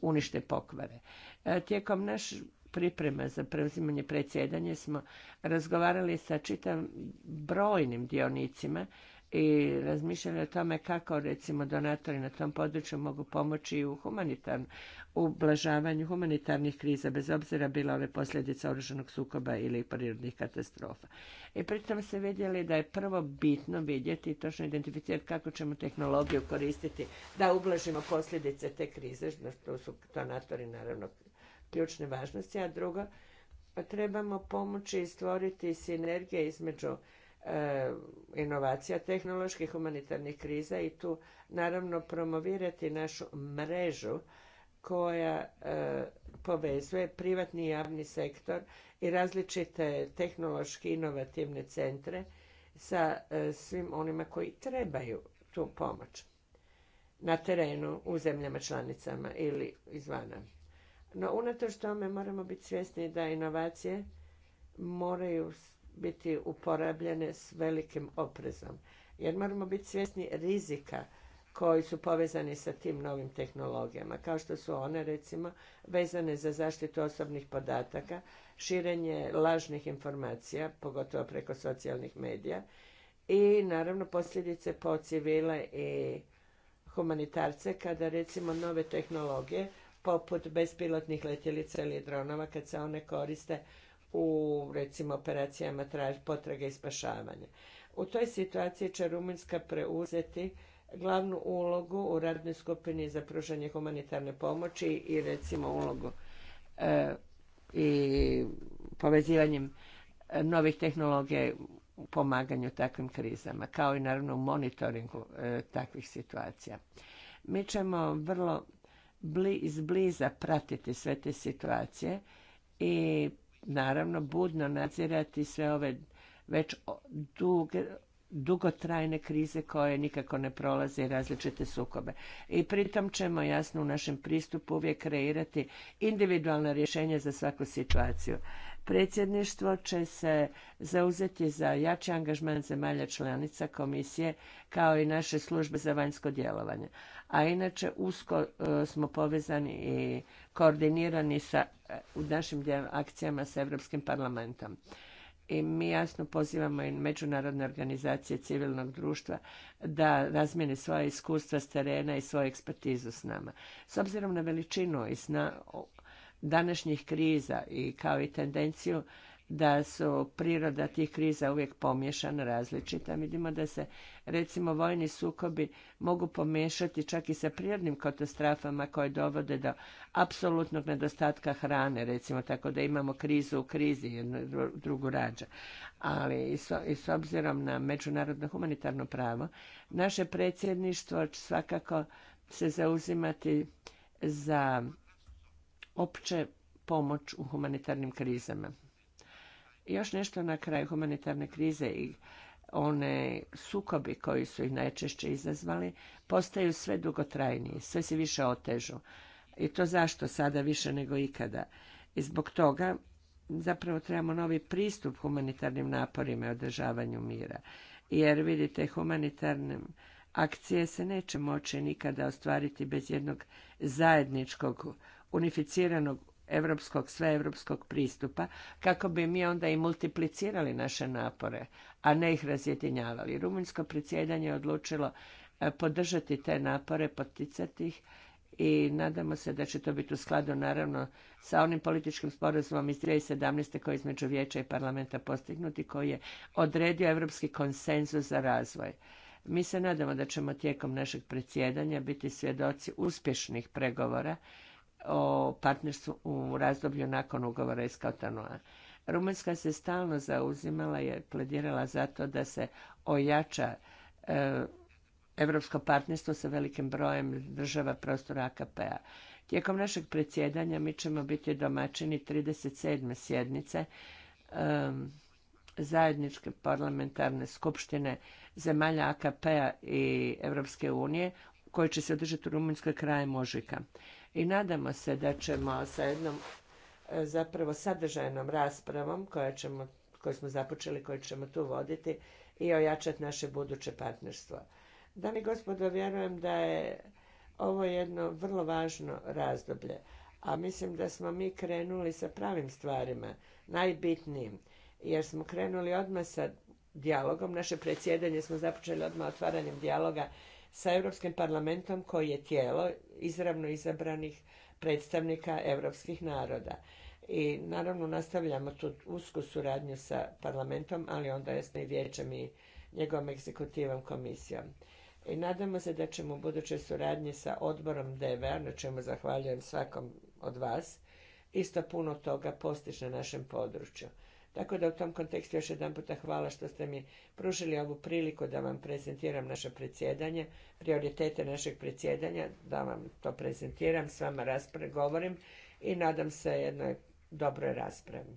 unište pokvare. E, tijekom naš priprema za preuzimanje predsjedanja smo razgovarali sa čitav brojnim dionicima i razmišljali o tome kako recimo donatori na tom području mogu pomoći u humanitarnom ublažavanju humanitarnih kriza, bez obzira bila ove posljedice oruženog sukoba ili prirodnih katastrofa. I pritom se vidjeli da je prvo bitno vidjeti i točno identificirati kako ćemo tehnologiju koristiti da ublažimo posljedice te krize, što su donatori naravno ključne važnosti, a drugo, pa trebamo pomoći i stvoriti sinergije između E, inovacija tehnoloških humanitarnih kriza i tu naravno promovirati našu mrežu koja e, povezuje privatni i javni sektor i različite tehnološki inovativne centre sa e, svim onima koji trebaju tu pomoć na terenu u zemljama članicama ili izvana. No unatoč tome moramo biti svjesni da inovacije moraju biti uporabljene s velikim oprezom. Jer moramo biti svjesni rizika koji su povezani sa tim novim tehnologijama, kao što su one recimo vezane za zaštitu osobnih podataka, širenje lažnih informacija, pogotovo preko socijalnih medija i naravno posljedice po civile i humanitarce kada recimo nove tehnologije poput bespilotnih letjelica ili dronova kad se one koriste u recimo operacijama traž, potrage i spašavanja. U toj situaciji će Rumunjska preuzeti glavnu ulogu u radnoj skupini za pružanje humanitarne pomoći i recimo ulogu e, i povezivanjem e, novih tehnologija u pomaganju takvim krizama, kao i naravno u monitoringu e, takvih situacija. Mi ćemo vrlo bli, izbliza pratiti sve te situacije i naravno budno nadzirati sve ove već duge, dugotrajne krize koje nikako ne prolaze i različite sukobe. I pritom ćemo jasno u našem pristupu uvijek kreirati individualna rješenja za svaku situaciju. Predsjedništvo će se zauzeti za jači angažman zemalja članica komisije kao i naše službe za vanjsko djelovanje. A inače usko e, smo povezani i koordinirani sa u našim akcijama s Europskim parlamentom. I mi jasno pozivamo i međunarodne organizacije civilnog društva da razmijene svoje iskustva s terena i svoju ekspertizu s nama. S obzirom na veličinu i sna današnjih kriza i kao i tendenciju da su priroda tih kriza uvijek pomješana, različita. Vidimo da se recimo vojni sukobi mogu pomiješati čak i sa prirodnim katastrofama koje dovode do apsolutnog nedostatka hrane, recimo tako da imamo krizu u krizi, jednu drugu rađa. Ali i s, i s obzirom na međunarodno humanitarno pravo, naše predsjedništvo svakako se zauzimati za opće pomoć u humanitarnim krizama još nešto na kraju humanitarne krize i one sukobi koji su ih najčešće izazvali postaju sve dugotrajniji, sve se više otežu. I to zašto sada više nego ikada? I zbog toga zapravo trebamo novi pristup humanitarnim naporima i održavanju mira. Jer vidite, humanitarne akcije se neće moći nikada ostvariti bez jednog zajedničkog, unificiranog europskog, sveevropskog pristupa kako bi mi onda i multiplicirali naše napore, a ne ih razjedinjavali. Rumunjsko predsjedanje je odlučilo e, podržati te napore, poticati ih i nadamo se da će to biti u skladu naravno sa onim političkim sporazumom iz 2017. koji je između vijeća i parlamenta postignuti koji je odredio europski konsenzus za razvoj. Mi se nadamo da ćemo tijekom našeg predsjedanja biti svjedoci uspješnih pregovora o partnerstvu u razdoblju nakon ugovora iz Kotonua. Rumunjska se stalno zauzimala i pledirala za to da se ojača europsko partnerstvo sa velikim brojem država prostora AKP-a. Tijekom našeg predsjedanja mi ćemo biti domaćini 37. sjednice e, zajedničke parlamentarne skupštine zemalja AKP-a i Europske unije koje će se održati u Rumunjskoj krajem ožujka i nadamo se da ćemo sa jednom e, zapravo sadržajnom raspravom koja ćemo, koju smo započeli, koju ćemo tu voditi i ojačati naše buduće partnerstvo. Dame i gospodo, vjerujem da je ovo jedno vrlo važno razdoblje, a mislim da smo mi krenuli sa pravim stvarima, najbitnijim, jer smo krenuli odmah sa dijalogom. Naše predsjedanje smo započeli odmah otvaranjem dijaloga sa Europskim parlamentom koji je tijelo izravno izabranih predstavnika europskih naroda. I naravno nastavljamo tu usku suradnju sa parlamentom, ali onda jasno i vijećem i njegovom egzekutivom komisijom. I nadamo se da ćemo u budućoj suradnji sa odborom DVA, na čemu zahvaljujem svakom od vas, isto puno toga postići na našem području. Tako da u tom kontekstu još jedan puta hvala što ste mi pružili ovu priliku da vam prezentiram naše predsjedanje, prioritete našeg predsjedanja, da vam to prezentiram, s vama raspre, govorim i nadam se jednoj dobroj raspravi.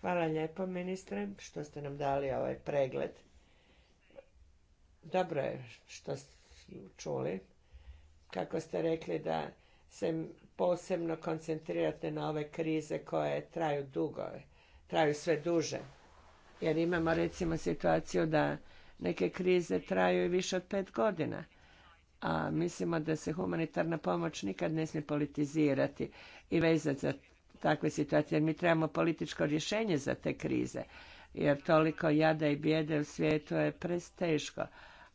Hvala lijepo ministre što ste nam dali ovaj pregled. Dobro je što ste čuli kako ste rekli da se posebno koncentrirate na ove krize koje traju dugo, traju sve duže. Jer imamo recimo situaciju da neke krize traju i više od pet godina. A mislimo da se humanitarna pomoć nikad ne smije politizirati i vezati za takve situacije. Jer mi trebamo političko rješenje za te krize. Jer toliko jada i bijede u svijetu je presteško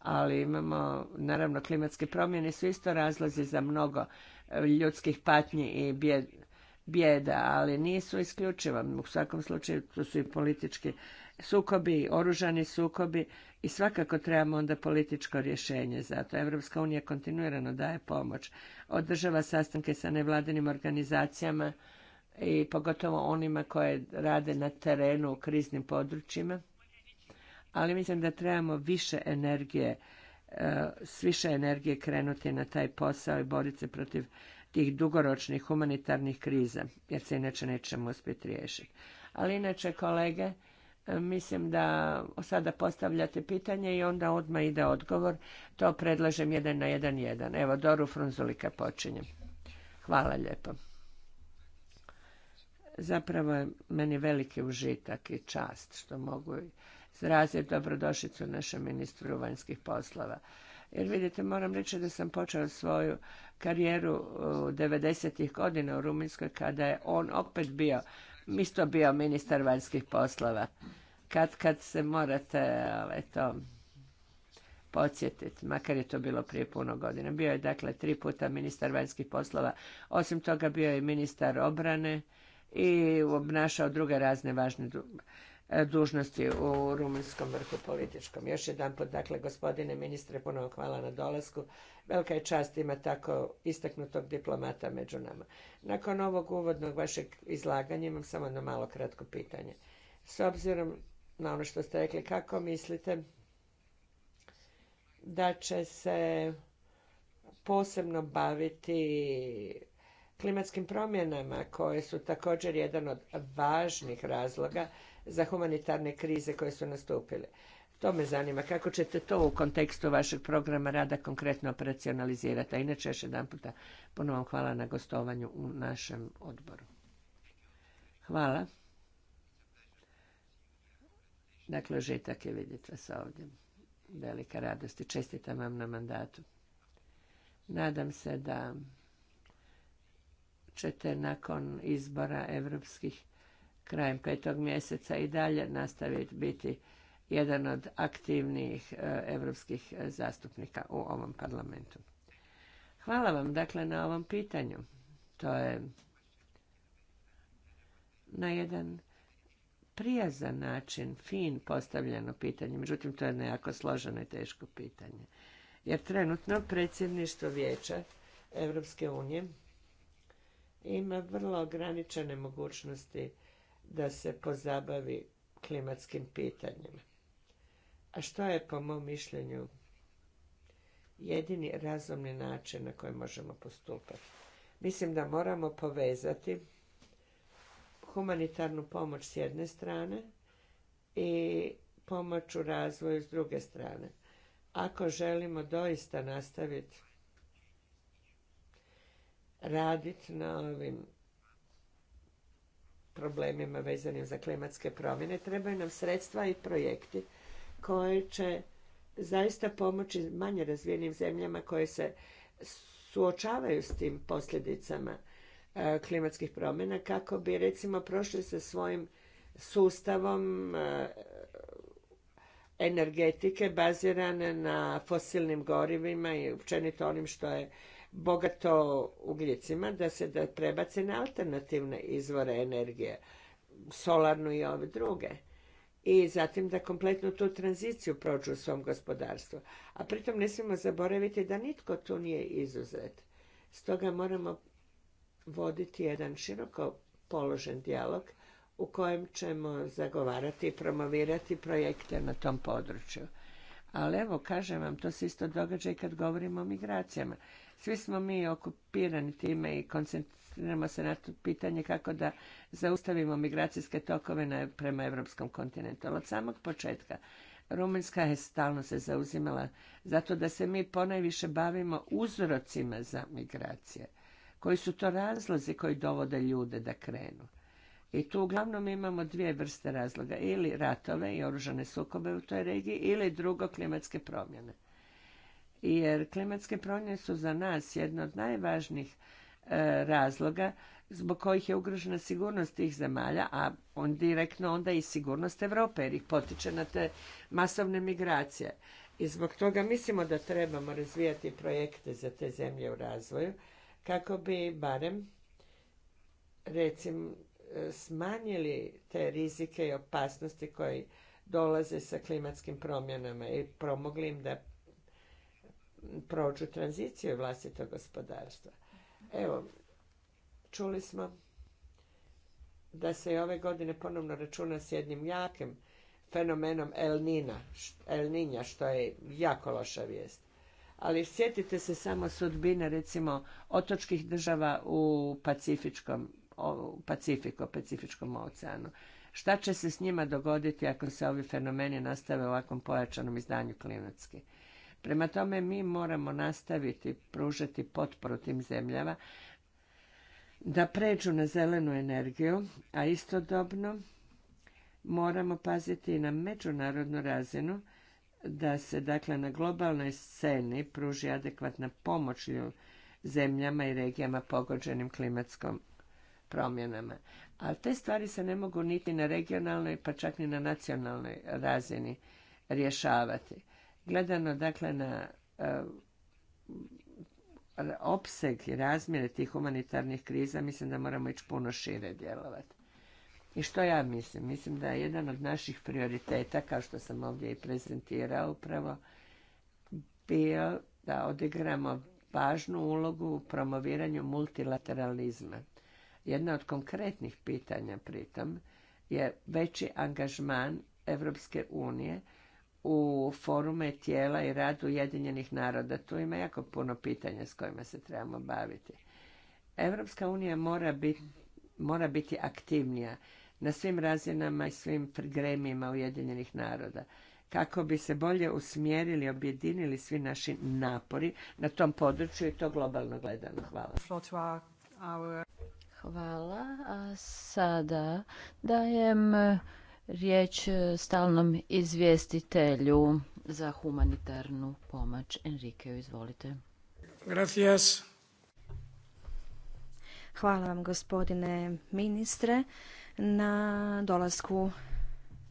ali imamo, naravno, klimatske promjene su isto razlozi za mnogo ljudskih patnji i bijeda, ali nisu isključiva. U svakom slučaju tu su i politički sukobi oružani sukobi i svakako trebamo onda političko rješenje Zato to. Evropska unija kontinuirano daje pomoć. Održava sastanke sa nevladinim organizacijama i pogotovo onima koje rade na terenu u kriznim područjima. Ali mislim da trebamo više energije s više energije krenuti na taj posao i boriti se protiv tih dugoročnih humanitarnih kriza, jer se inače nećemo uspjeti riješiti. Ali inače, kolege, mislim da sada postavljate pitanje i onda odmah ide odgovor. To predlažem jedan na jedan jedan. Evo, Doru Frunzulika počinjem. Hvala lijepo. Zapravo je meni veliki užitak i čast što mogu izraziti dobrodošlicu našem ministru vanjskih poslova. Jer vidite, moram reći da sam počeo svoju karijeru 90. godina u Rumunjskoj kada je on opet bio, isto bio ministar vanjskih poslova. Kad, kad se morate ovaj, to podsjetiti, makar je to bilo prije puno godina. Bio je dakle tri puta ministar vanjskih poslova, osim toga bio je ministar obrane i obnašao druge razne važne E, dužnosti u rumunjskom vrhu političkom. Još jedan put, dakle, gospodine ministre, puno hvala na dolasku. Velika je čast ima tako istaknutog diplomata među nama. Nakon ovog uvodnog vašeg izlaganja imam samo jedno malo kratko pitanje. S obzirom na ono što ste rekli, kako mislite da će se posebno baviti klimatskim promjenama koje su također jedan od važnih razloga za humanitarne krize koje su nastupile. To me zanima, kako ćete to u kontekstu vašeg programa rada konkretno operacionalizirati. A inače, još jedan puta ponovno vam hvala na gostovanju u našem odboru. Hvala. Dakle, žitak je, vidjeti vas ovdje. Velika radost i čestitam vam na mandatu. Nadam se da ćete nakon izbora evropskih krajem petog mjeseca i dalje nastaviti biti jedan od aktivnijih europskih zastupnika u ovom parlamentu. Hvala vam dakle na ovom pitanju. To je na jedan prijazan način, fin postavljeno pitanje. Međutim, to je nejako složeno i teško pitanje. Jer trenutno predsjedništvo vijeća Europske unije ima vrlo ograničene mogućnosti da se pozabavi klimatskim pitanjima. A što je po mom mišljenju jedini razumni način na koji možemo postupati? Mislim da moramo povezati humanitarnu pomoć s jedne strane i pomoć u razvoju s druge strane. Ako želimo doista nastaviti raditi na ovim problemima vezanim za klimatske promjene, trebaju nam sredstva i projekti koji će zaista pomoći manje razvijenim zemljama koje se suočavaju s tim posljedicama e, klimatskih promjena kako bi recimo prošli sa svojim sustavom e, energetike bazirane na fosilnim gorivima i općenito onim što je bogato ugljicima, da se da prebace na alternativne izvore energije, solarnu i ove druge. I zatim da kompletnu tu tranziciju prođu u svom gospodarstvu. A pritom ne smijemo zaboraviti da nitko tu nije izuzet. Stoga moramo voditi jedan široko položen dijalog u kojem ćemo zagovarati i promovirati projekte na tom području. Ali evo, kažem vam, to se isto događa i kad govorimo o migracijama. Svi smo mi okupirani time i koncentriramo se na to pitanje kako da zaustavimo migracijske tokove prema evropskom kontinentu. od samog početka Rumunjska je stalno se zauzimala zato da se mi ponajviše bavimo uzrocima za migracije. Koji su to razlozi koji dovode ljude da krenu? I tu uglavnom imamo dvije vrste razloga. Ili ratove i oružane sukobe u toj regiji, ili drugo klimatske promjene jer klimatske promjene su za nas jedna od najvažnijih e, razloga zbog kojih je ugrožena sigurnost tih zemalja, a on direktno onda i sigurnost Europe jer ih potiče na te masovne migracije. I zbog toga mislimo da trebamo razvijati projekte za te zemlje u razvoju kako bi barem recimo e, smanjili te rizike i opasnosti koji dolaze sa klimatskim promjenama i promogli im da prođu tranziciju vlastitog gospodarstva. Evo, čuli smo da se i ove godine ponovno računa s jednim jakim fenomenom El Nina, El Ninja, što je jako loša vijest. Ali sjetite se samo sudbine, recimo, otočkih država u Pacifičkom, u Pacifiku, Pacifičkom oceanu. Šta će se s njima dogoditi ako se ovi fenomeni nastave u ovakvom pojačanom izdanju klimatski? Prema tome mi moramo nastaviti pružati potporu tim zemljama da pređu na zelenu energiju, a istodobno moramo paziti i na međunarodnu razinu da se dakle na globalnoj sceni pruži adekvatna pomoć zemljama i regijama pogođenim klimatskom promjenama. Ali te stvari se ne mogu niti na regionalnoj, pa čak ni na nacionalnoj razini rješavati. Gledano dakle e, na opseg i razmjere tih humanitarnih kriza, mislim da moramo ići puno šire djelovati. I što ja mislim? Mislim da je jedan od naših prioriteta, kao što sam ovdje i prezentirao upravo, bio da odigramo važnu ulogu u promoviranju multilateralizma. Jedna od konkretnih pitanja pritom je veći angažman Evropske unije u forume tijela i rad Ujedinjenih naroda. Tu ima jako puno pitanja s kojima se trebamo baviti. Evropska unija mora biti, mora biti aktivnija na svim razinama i svim gremijima Ujedinjenih naroda kako bi se bolje usmjerili, objedinili svi naši napori na tom području i to globalno gledano. Hvala. Hvala. A sada dajem riječ e, stalnom izvjestitelju za humanitarnu pomoć Enrikeu. Izvolite. Gracias. Hvala vam gospodine ministre na dolasku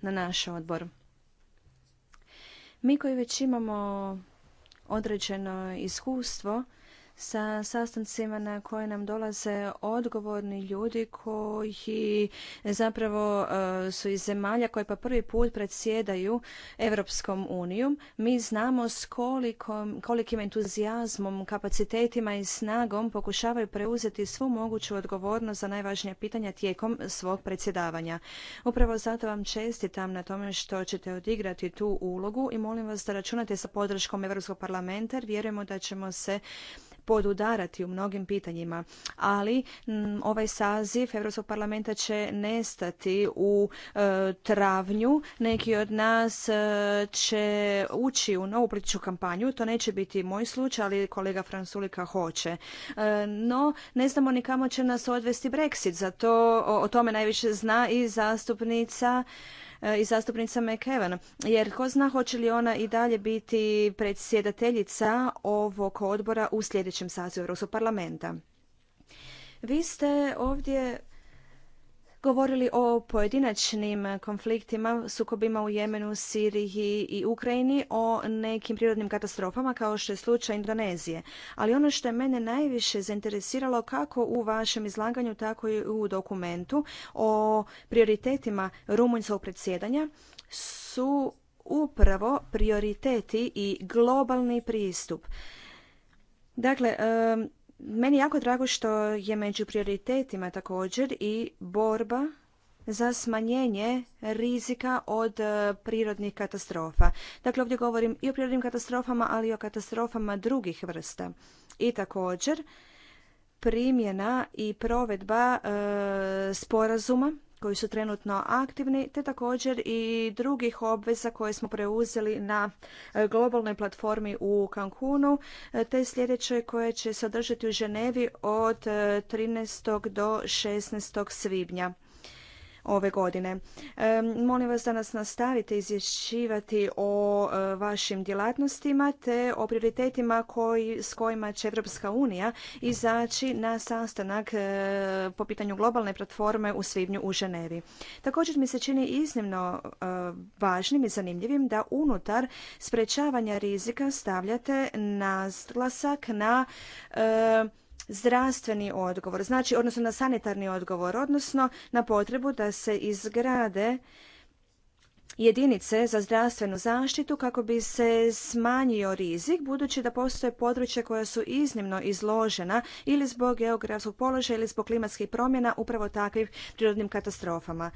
na naš odbor. Mi koji već imamo određeno iskustvo sa sastancima na koje nam dolaze odgovorni ljudi koji zapravo e, su iz zemalja koje pa prvi put predsjedaju Europskom unijom. Mi znamo s kolikom, kolikim entuzijazmom, kapacitetima i snagom pokušavaju preuzeti svu moguću odgovornost za najvažnija pitanja tijekom svog predsjedavanja. Upravo zato vam čestitam na tome što ćete odigrati tu ulogu i molim vas da računate sa podrškom Europskog parlamenta jer vjerujemo da ćemo se podudarati u mnogim pitanjima, ali mm, ovaj saziv Europskog parlamenta će nestati u e, travnju. Neki od nas e, će ući u novu političku kampanju. To neće biti moj slučaj, ali kolega Fransulika hoće. E, no, ne znamo ni kamo će nas odvesti Brexit. Zato o, o tome najviše zna i zastupnica E, i zastupnica McEvan, jer ko zna hoće li ona i dalje biti predsjedateljica ovog odbora u sljedećem sazivu Europskog parlamenta. Vi ste ovdje govorili o pojedinačnim konfliktima, sukobima u Jemenu, Siriji i Ukrajini, o nekim prirodnim katastrofama kao što je slučaj Indonezije. Ali ono što je mene najviše zainteresiralo kako u vašem izlaganju, tako i u dokumentu o prioritetima rumunjskog predsjedanja su upravo prioriteti i globalni pristup. Dakle, meni jako drago što je među prioritetima također i borba za smanjenje rizika od e, prirodnih katastrofa. Dakle, ovdje govorim i o prirodnim katastrofama, ali i o katastrofama drugih vrsta. I također primjena i provedba e, sporazuma koji su trenutno aktivni, te također i drugih obveza koje smo preuzeli na e, globalnoj platformi u Cancunu, e, te sljedeće koje će se održati u Ženevi od 13. E, do 16. svibnja ove godine. Molim vas da nas nastavite izvješćivati o e, vašim djelatnostima te o prioritetima koji, s kojima će Europska unija izaći na sastanak e, po pitanju globalne platforme u svibnju u Ženevi. Također mi se čini iznimno e, važnim i zanimljivim da unutar sprečavanja rizika stavljate naglasak na zdravstveni odgovor, znači odnosno na sanitarni odgovor, odnosno na potrebu da se izgrade jedinice za zdravstvenu zaštitu kako bi se smanjio rizik budući da postoje područja koja su iznimno izložena ili zbog geografskog položaja ili zbog klimatskih promjena upravo takvim prirodnim katastrofama.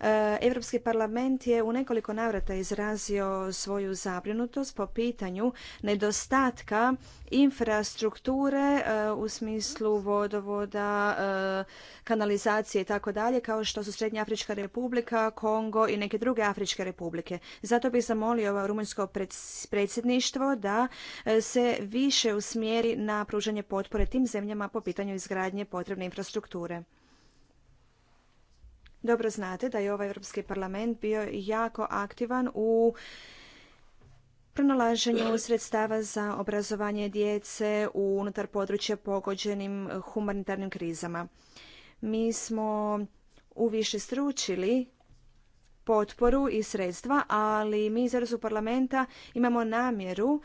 E, Europski parlament je u nekoliko navrata izrazio svoju zabrinutost po pitanju nedostatka infrastrukture e, u smislu vodovoda, e, kanalizacije i tako dalje kao što su Srednja Afrička republika, Kongo i neke druge afričke republike. Zato bih zamolio rumunjsko predsjedništvo da e, se više usmjeri na pružanje potpore tim zemljama po pitanju izgradnje potrebne infrastrukture. Dobro znate da je ovaj Europski parlament bio jako aktivan u pronalaženju sredstava za obrazovanje djece unutar područja pogođenim humanitarnim krizama. Mi smo uviše stručili potporu i sredstva, ali mi iz Europskog parlamenta imamo namjeru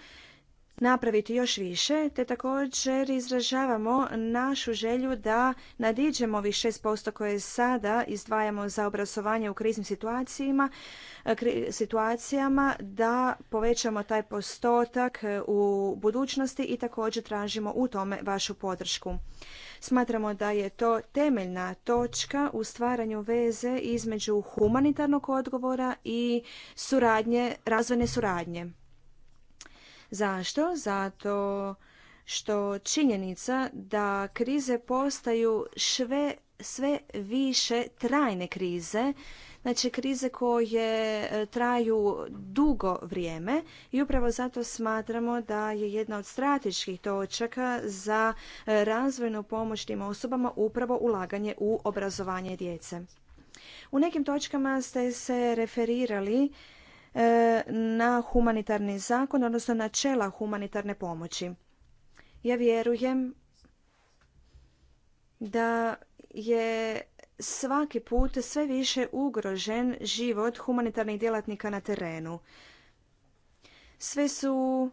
napraviti još više, te također izražavamo našu želju da nadiđemo ovih 6% koje sada izdvajamo za obrazovanje u kriznim situacijama, situacijama da povećamo taj postotak u budućnosti i također tražimo u tome vašu podršku. Smatramo da je to temeljna točka u stvaranju veze između humanitarnog odgovora i suradnje, razvojne suradnje. Zašto? Zato što činjenica da krize postaju sve, sve više trajne krize znači krize koje e, traju dugo vrijeme i upravo zato smatramo da je jedna od strateških točaka za e, razvojnu pomoć tim osobama upravo ulaganje u obrazovanje djece. U nekim točkama ste se referirali e, na humanitarni zakon, odnosno načela humanitarne pomoći. Ja vjerujem da je svaki put sve više ugrožen život humanitarnih djelatnika na terenu. Sve su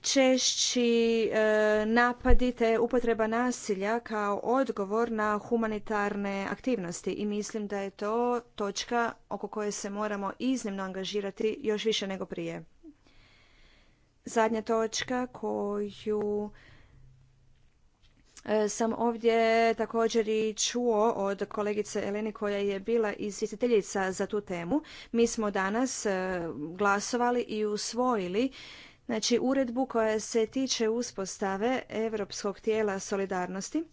češći e, napadi te upotreba nasilja kao odgovor na humanitarne aktivnosti i mislim da je to točka oko koje se moramo iznimno angažirati još više nego prije. Zadnja točka koju E, sam ovdje također i čuo od kolegice Eleni koja je bila izvjestiteljica za tu temu. Mi smo danas e, glasovali i usvojili znači uredbu koja se tiče uspostave Europskog tijela solidarnosti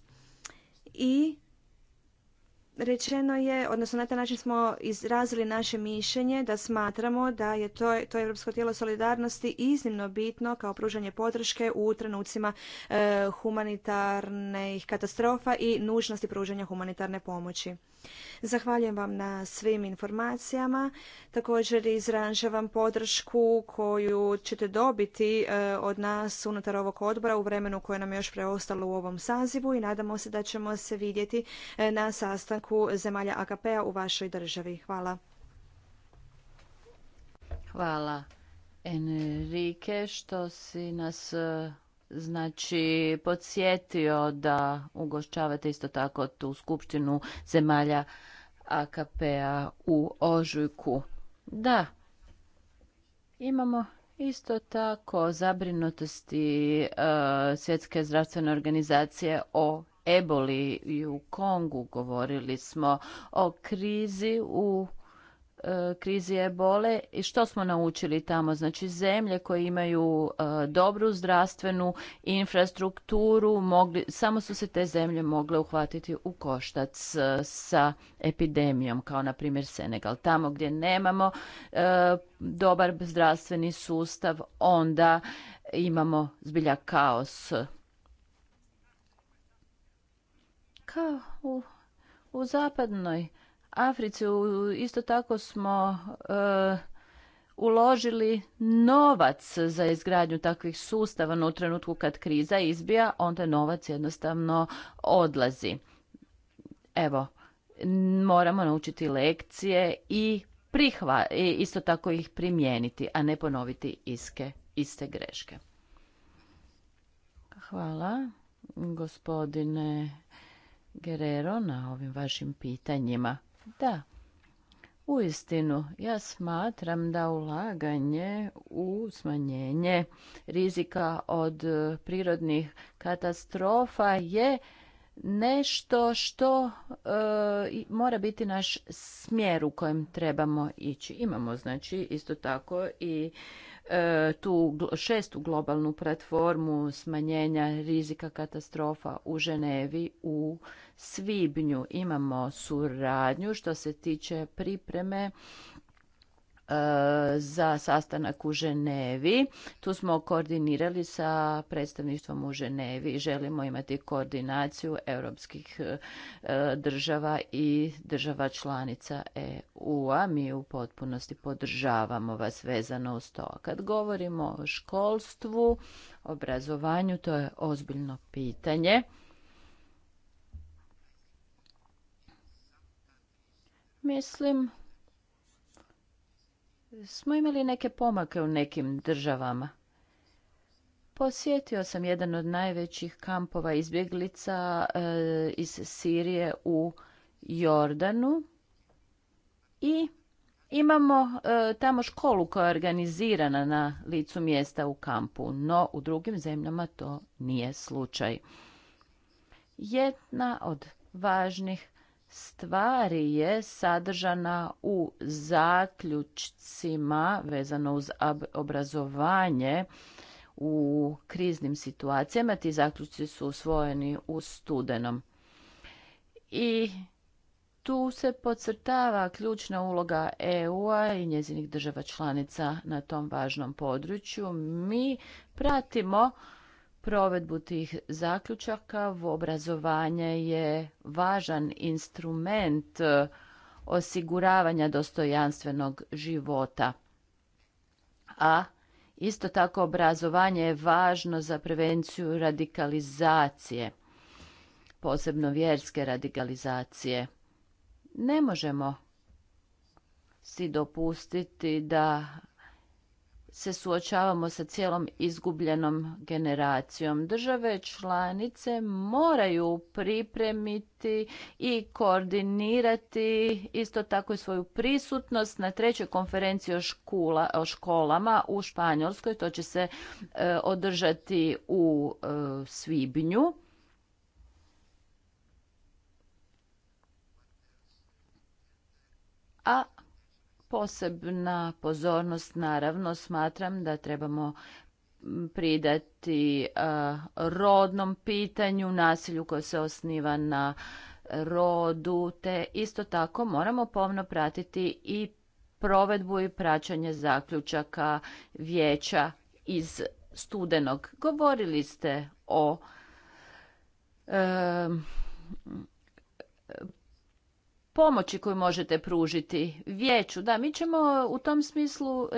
i rečeno je, odnosno na taj način smo izrazili naše mišljenje da smatramo da je to, to Europsko tijelo solidarnosti iznimno bitno kao pružanje podrške u trenucima e, humanitarnih katastrofa i nužnosti pružanja humanitarne pomoći. Zahvaljujem vam na svim informacijama. Također izražavam podršku koju ćete dobiti e, od nas unutar ovog odbora u vremenu koje nam je još preostalo u ovom sazivu i nadamo se da ćemo se vidjeti e, na sastanku zemalja AKP-a u vašoj državi. Hvala. Hvala Enrique što si nas e, znači podsjetio da ugošćavate isto tako tu skupštinu zemalja AKP-a u Ožujku. Da, imamo isto tako zabrinutosti e, Svjetske zdravstvene organizacije o eboli i u Kongu. Govorili smo o krizi u E, krizi ebole i što smo naučili tamo? Znači zemlje koje imaju e, dobru zdravstvenu infrastrukturu, mogli, samo su se te zemlje mogle uhvatiti u koštac e, sa epidemijom, kao na primjer Senegal. Tamo gdje nemamo dobar zdravstveni sustav, onda imamo zbilja kaos. Kao u zapadnoj Africi. Isto tako smo e, uložili novac za izgradnju takvih sustava, no u trenutku kad kriza izbija, onda novac jednostavno odlazi. Evo, moramo naučiti lekcije i prihva, isto tako ih primijeniti, a ne ponoviti iske, iste greške. Hvala gospodine Guerrero na ovim vašim pitanjima. Da, istinu, ja smatram da ulaganje u smanjenje rizika od e, prirodnih katastrofa je nešto što e, mora biti naš smjer u kojem trebamo ići. Imamo znači isto tako i E, tu šestu globalnu platformu smanjenja rizika katastrofa u Ženevi u svibnju. Imamo suradnju što se tiče pripreme za sastanak u Ženevi. Tu smo koordinirali sa predstavništvom u Ženevi. Želimo imati koordinaciju europskih e, država i država članica EU-a. Mi u potpunosti podržavamo vas vezano uz to. Kad govorimo o školstvu, obrazovanju, to je ozbiljno pitanje. Mislim smo imali neke pomake u nekim državama. Posjetio sam jedan od najvećih kampova izbjeglica e, iz Sirije u Jordanu i imamo e, tamo školu koja je organizirana na licu mjesta u kampu, no u drugim zemljama to nije slučaj. Jedna od važnih stvari je sadržana u zaključcima vezano uz obrazovanje u kriznim situacijama. Ti zaključci su usvojeni u studenom. I tu se podcrtava ključna uloga EU-a i njezinih država članica na tom važnom području. Mi pratimo provedbu tih zaključaka. V obrazovanje je važan instrument e, osiguravanja dostojanstvenog života. A isto tako obrazovanje je važno za prevenciju radikalizacije, posebno vjerske radikalizacije. Ne možemo si dopustiti da se suočavamo sa cijelom izgubljenom generacijom. Države članice moraju pripremiti i koordinirati isto tako i svoju prisutnost na trećoj konferenciji o, školama u Španjolskoj. To će se e, održati u e, Svibnju. A Posebna pozornost, naravno, smatram da trebamo pridati rodnom pitanju, nasilju koje se osniva na rodu, te isto tako moramo pomno pratiti i provedbu i praćanje zaključaka vijeća iz studenog. Govorili ste o pomoći koju možete pružiti vijeću. Da, mi ćemo u tom smislu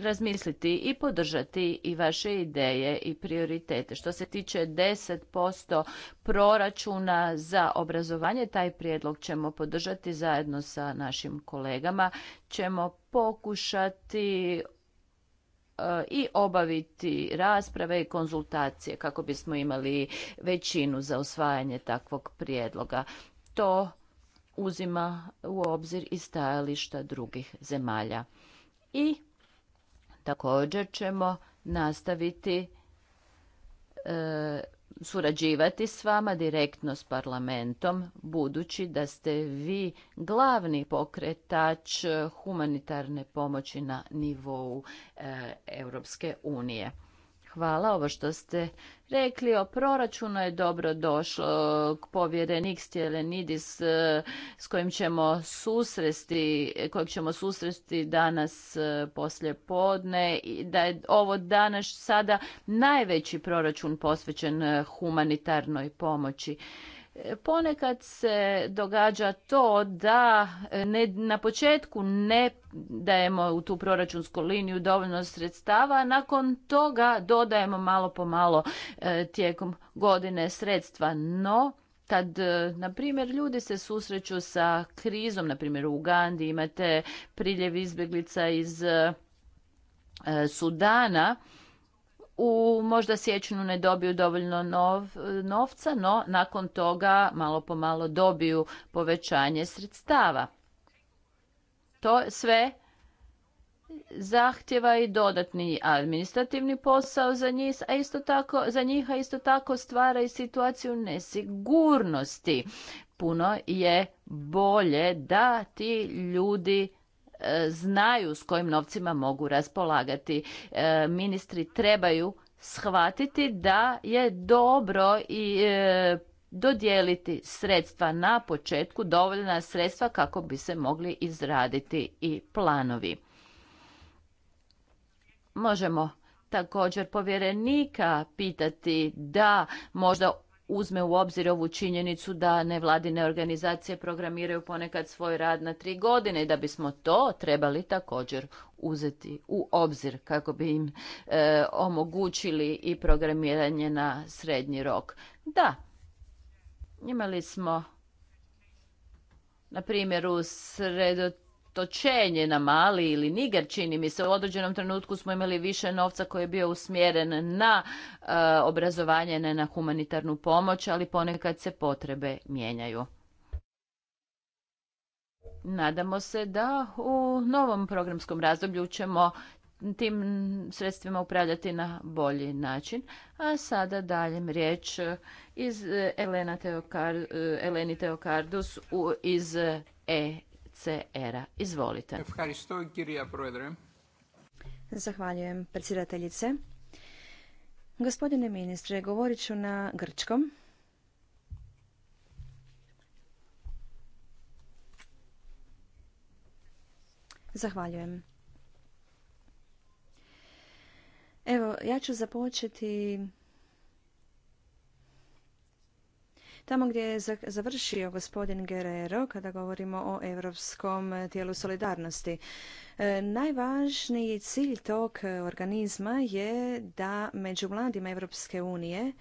razmisliti i podržati i vaše ideje i prioritete. Što se tiče 10% proračuna za obrazovanje, taj prijedlog ćemo podržati zajedno sa našim kolegama. Ćemo pokušati e, i obaviti rasprave i konzultacije kako bismo imali većinu za usvajanje takvog prijedloga. To uzima u obzir i stajališta drugih zemalja. I također ćemo nastaviti e, surađivati s vama direktno s parlamentom, budući da ste vi glavni pokretač humanitarne pomoći na nivou e, Europske unije. Hvala, ovo što ste rekli o proračunu je dobro došlo. Povjerenik Stjelenidis e, s kojim ćemo susresti, kojeg ćemo susresti danas e, poslje podne i da je ovo danas sada najveći proračun posvećen e, humanitarnoj pomoći. Ponekad se događa to da e, ne, na početku ne dajemo u tu proračunsku liniju dovoljno sredstava, a nakon toga dodajemo malo po malo e, tijekom godine sredstva. No, kad, e, na primjer, ljudi se susreću sa krizom, na primjer u Ugandi imate priljev izbjeglica iz Sudana, u možda siječnju ne dobiju dovoljno novca, no nakon toga malo po malo dobiju povećanje sredstava. To sve zahtjeva i dodatni administrativni posao za njih, a isto tako, za njih, a isto tako stvara i situaciju nesigurnosti. Puno je bolje da ti ljudi E, znaju s kojim novcima mogu raspolagati. E, ministri trebaju shvatiti da je dobro i e, dodijeliti sredstva na početku, dovoljna sredstva kako bi se mogli izraditi i planovi. Možemo također povjerenika pitati da možda uzme u obzir ovu činjenicu da nevladine organizacije programiraju ponekad svoj rad na tri godine i da bismo to trebali također uzeti u obzir kako bi im e, omogućili i programiranje na srednji rok. Da, imali smo na primjeru sredot točenje na Mali ili Niger, čini mi se. U određenom trenutku smo imali više novca koji je bio usmjeren na e, obrazovanje, ne na humanitarnu pomoć, ali ponekad se potrebe mijenjaju. Nadamo se da u novom programskom razdoblju ćemo tim sredstvima upravljati na bolji način. A sada daljem riječ e, iz e, Elena Teokar, Eleni Teokardus iz E Izvolite. Zahvaljujem predsjedateljice. Gospodine ministre, govorit ću na grčkom. Zahvaljujem. Evo, ja ću započeti Tamo gdje je završio gospodin Guerrero kada govorimo o Europskom tijelu solidarnosti. E, najvažniji cilj tog organizma je da među mladima Europske unije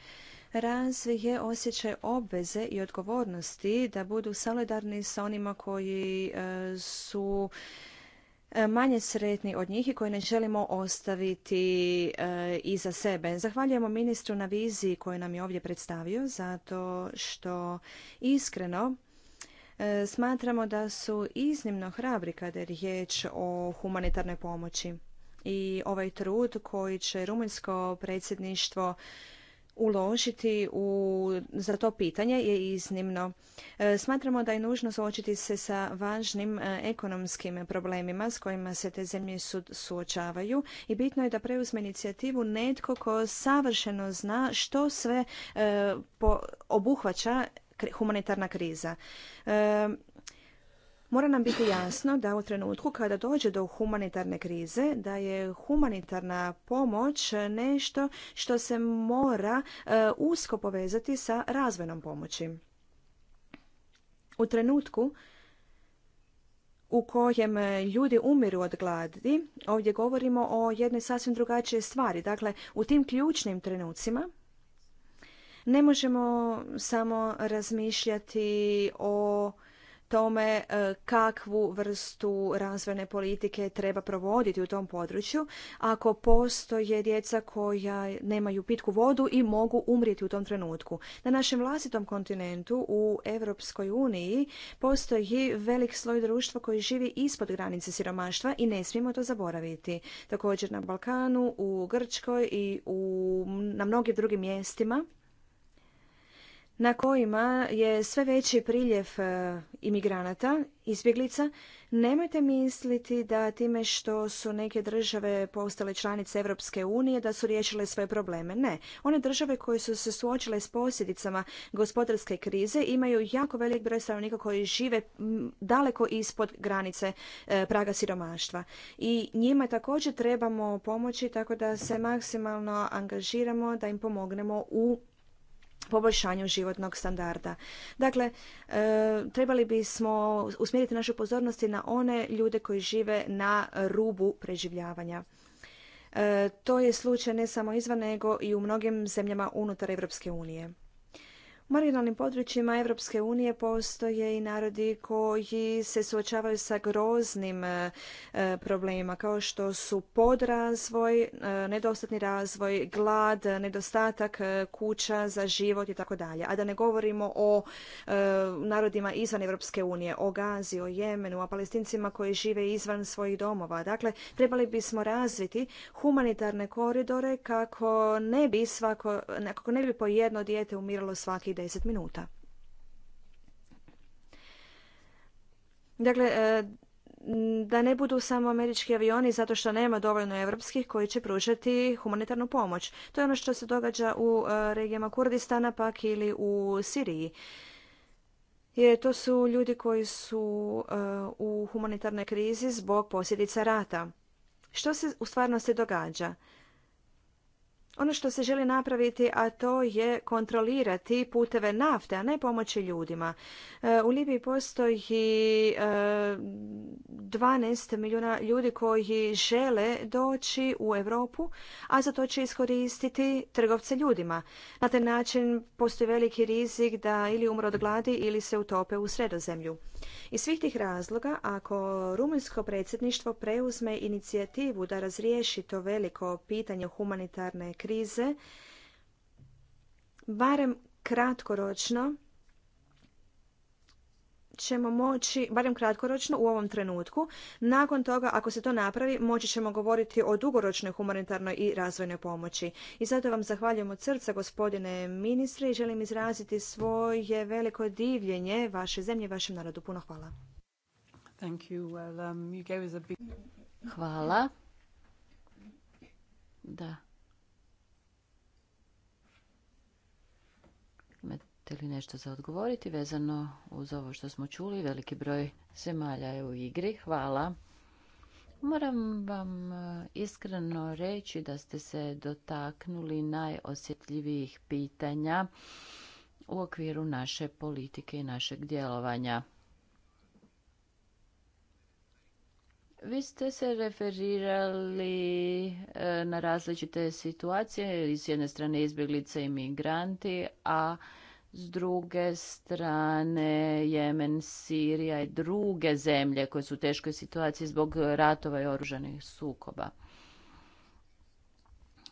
razvije osjećaj obveze i odgovornosti da budu solidarni sa onima koji e, su E, manje sretni od njih i koje ne želimo ostaviti e, iza sebe. Zahvaljujemo ministru na viziji koju nam je ovdje predstavio zato što iskreno e, smatramo da su iznimno hrabri kada je riječ o humanitarnoj pomoći i ovaj trud koji će rumunjsko predsjedništvo uložiti u, za to pitanje je iznimno. E, smatramo da je nužno suočiti se sa važnim e, ekonomskim problemima s kojima se te zemlje suočavaju i bitno je da preuzme inicijativu netko ko savršeno zna što sve e, obuhvaća humanitarna kriza. Mora nam biti jasno da u trenutku kada dođe do humanitarne krize, da je humanitarna pomoć nešto što se mora e, usko povezati sa razvojnom pomoći. U trenutku u kojem ljudi umiru od gladi, ovdje govorimo o jednoj sasvim drugačije stvari. Dakle, u tim ključnim trenucima ne možemo samo razmišljati o tome e, kakvu vrstu razvojne politike treba provoditi u tom području. Ako postoje djeca koja nemaju pitku vodu i mogu umrijeti u tom trenutku. Na našem vlastitom kontinentu u Europskoj uniji postoji velik sloj društva koji živi ispod granice siromaštva i ne smijemo to zaboraviti. Također na Balkanu, u Grčkoj i u, na mnogim drugim mjestima na kojima je sve veći priljev e, imigranata, izbjeglica, nemojte misliti da time što su neke države postale članice Europske unije da su riješile svoje probleme. Ne, one države koje su se suočile s posljedicama gospodarske krize imaju jako velik broj stanovnika koji žive daleko ispod granice e, praga siromaštva. I njima također trebamo pomoći tako da se maksimalno angažiramo da im pomognemo u poboljšanju životnog standarda. Dakle, e, trebali bismo usmjeriti našu pozornosti na one ljude koji žive na rubu preživljavanja. E, to je slučaj ne samo izvan nego i u mnogim zemljama unutar Europske unije marginalnim područjima Europske unije postoje i narodi koji se suočavaju sa groznim e, e, problemima kao što su podrazvoj, e, nedostatni razvoj, glad, nedostatak kuća za život i tako dalje. A da ne govorimo o narodima izvan Europske unije, o Gazi, o Jemenu, o palestincima koji žive izvan svojih domova. Dakle, trebali bismo razviti humanitarne koridore kako ne bi svako, kako ne bi po jedno dijete umiralo svaki deset minuta. Dakle, e, da ne budu samo američki avioni zato što nema dovoljno evropskih koji će pružati humanitarnu pomoć. To je ono što se događa u e, regijama Kurdistana pak ili u Siriji. Jer to su ljudi koji su e, u humanitarnoj krizi zbog posljedica rata. Što se u stvarnosti događa? ono što se želi napraviti, a to je kontrolirati puteve nafte, a ne pomoći ljudima. E, u Libiji postoji 12 e, milijuna ljudi koji žele doći u Europu, a za to će iskoristiti trgovce ljudima. Na taj način postoji veliki rizik da ili umre od gladi ili se utope u sredozemlju. Iz svih tih razloga, ako rumunjsko predsjedništvo preuzme inicijativu da razriješi to veliko pitanje humanitarne krize, krize, barem kratkoročno, ćemo moći, barem kratkoročno u ovom trenutku, nakon toga ako se to napravi moći ćemo govoriti o dugoročnoj humanitarnoj i razvojnoj pomoći. I zato vam zahvaljujem od srca gospodine ministre i želim izraziti svoje veliko divljenje vaše zemlje i vašem narodu. Puno hvala. Um, hvala. Da. ili nešto za odgovoriti vezano uz ovo što smo čuli? Veliki broj zemalja je u igri. Hvala. Moram vam e, iskreno reći da ste se dotaknuli najosjetljivijih pitanja u okviru naše politike i našeg djelovanja. Vi ste se referirali e, na različite situacije, s jedne strane izbjeglice i migranti, a s druge strane, Jemen, Sirija i druge zemlje koje su u teškoj situaciji zbog ratova i oružanih sukoba.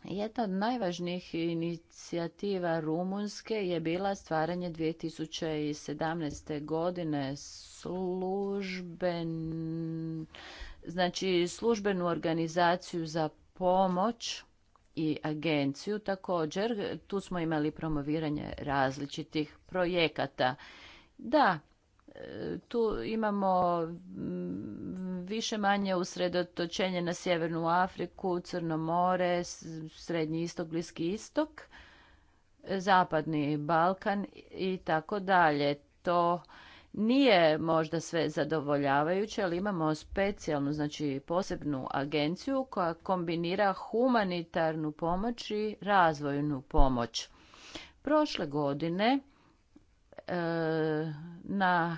Jedna od najvažnijih inicijativa Rumunske je bila stvaranje 2017. godine služben, znači službenu organizaciju za pomoć i agenciju također. Tu smo imali promoviranje različitih projekata. Da, e, tu imamo mm, više manje usredotočenje na Sjevernu Afriku, Crno more, Srednji istok, Bliski istok, Zapadni Balkan i tako dalje. To nije možda sve zadovoljavajuće, ali imamo specijalnu, znači posebnu agenciju koja kombinira humanitarnu pomoć i razvojnu pomoć. Prošle godine e, na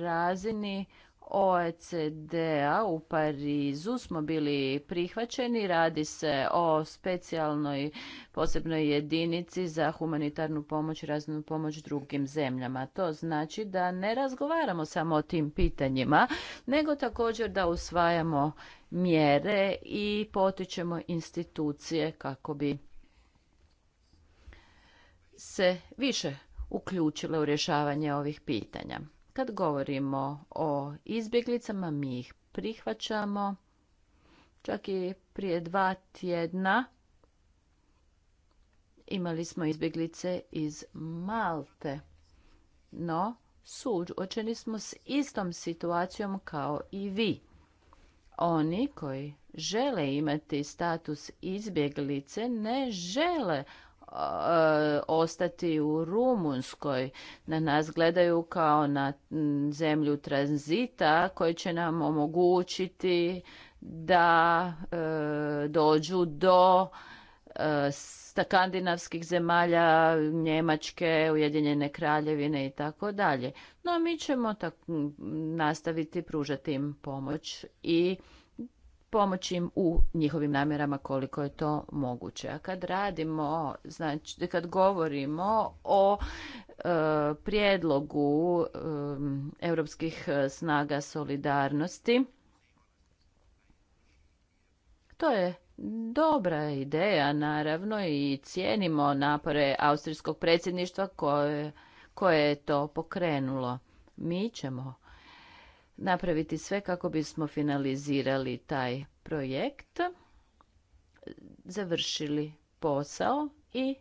razini OECD-a u Parizu smo bili prihvaćeni. Radi se o specijalnoj posebnoj jedinici za humanitarnu pomoć, raznu pomoć drugim zemljama. To znači da ne razgovaramo samo o tim pitanjima, nego također da usvajamo mjere i potičemo institucije kako bi se više uključile u rješavanje ovih pitanja. Kad govorimo o izbjeglicama, mi ih prihvaćamo. Čak i prije dva tjedna imali smo izbjeglice iz Malte. No, suočeni smo s istom situacijom kao i vi. Oni koji žele imati status izbjeglice ne žele E, ostati u Rumunskoj, na nas gledaju kao na zemlju tranzita koji će nam omogućiti da e, dođu do e, skandinavskih zemalja, Njemačke, Ujedinjene kraljevine i tako dalje. No mi ćemo tak nastaviti pružati im pomoć i pomoći im u njihovim namjerama koliko je to moguće. A kad radimo, znači kad govorimo o e, prijedlogu europskih snaga solidarnosti, to je dobra ideja naravno i cijenimo napore austrijskog predsjedništva koje, koje je to pokrenulo. Mi ćemo napraviti sve kako bismo finalizirali taj projekt, završili posao i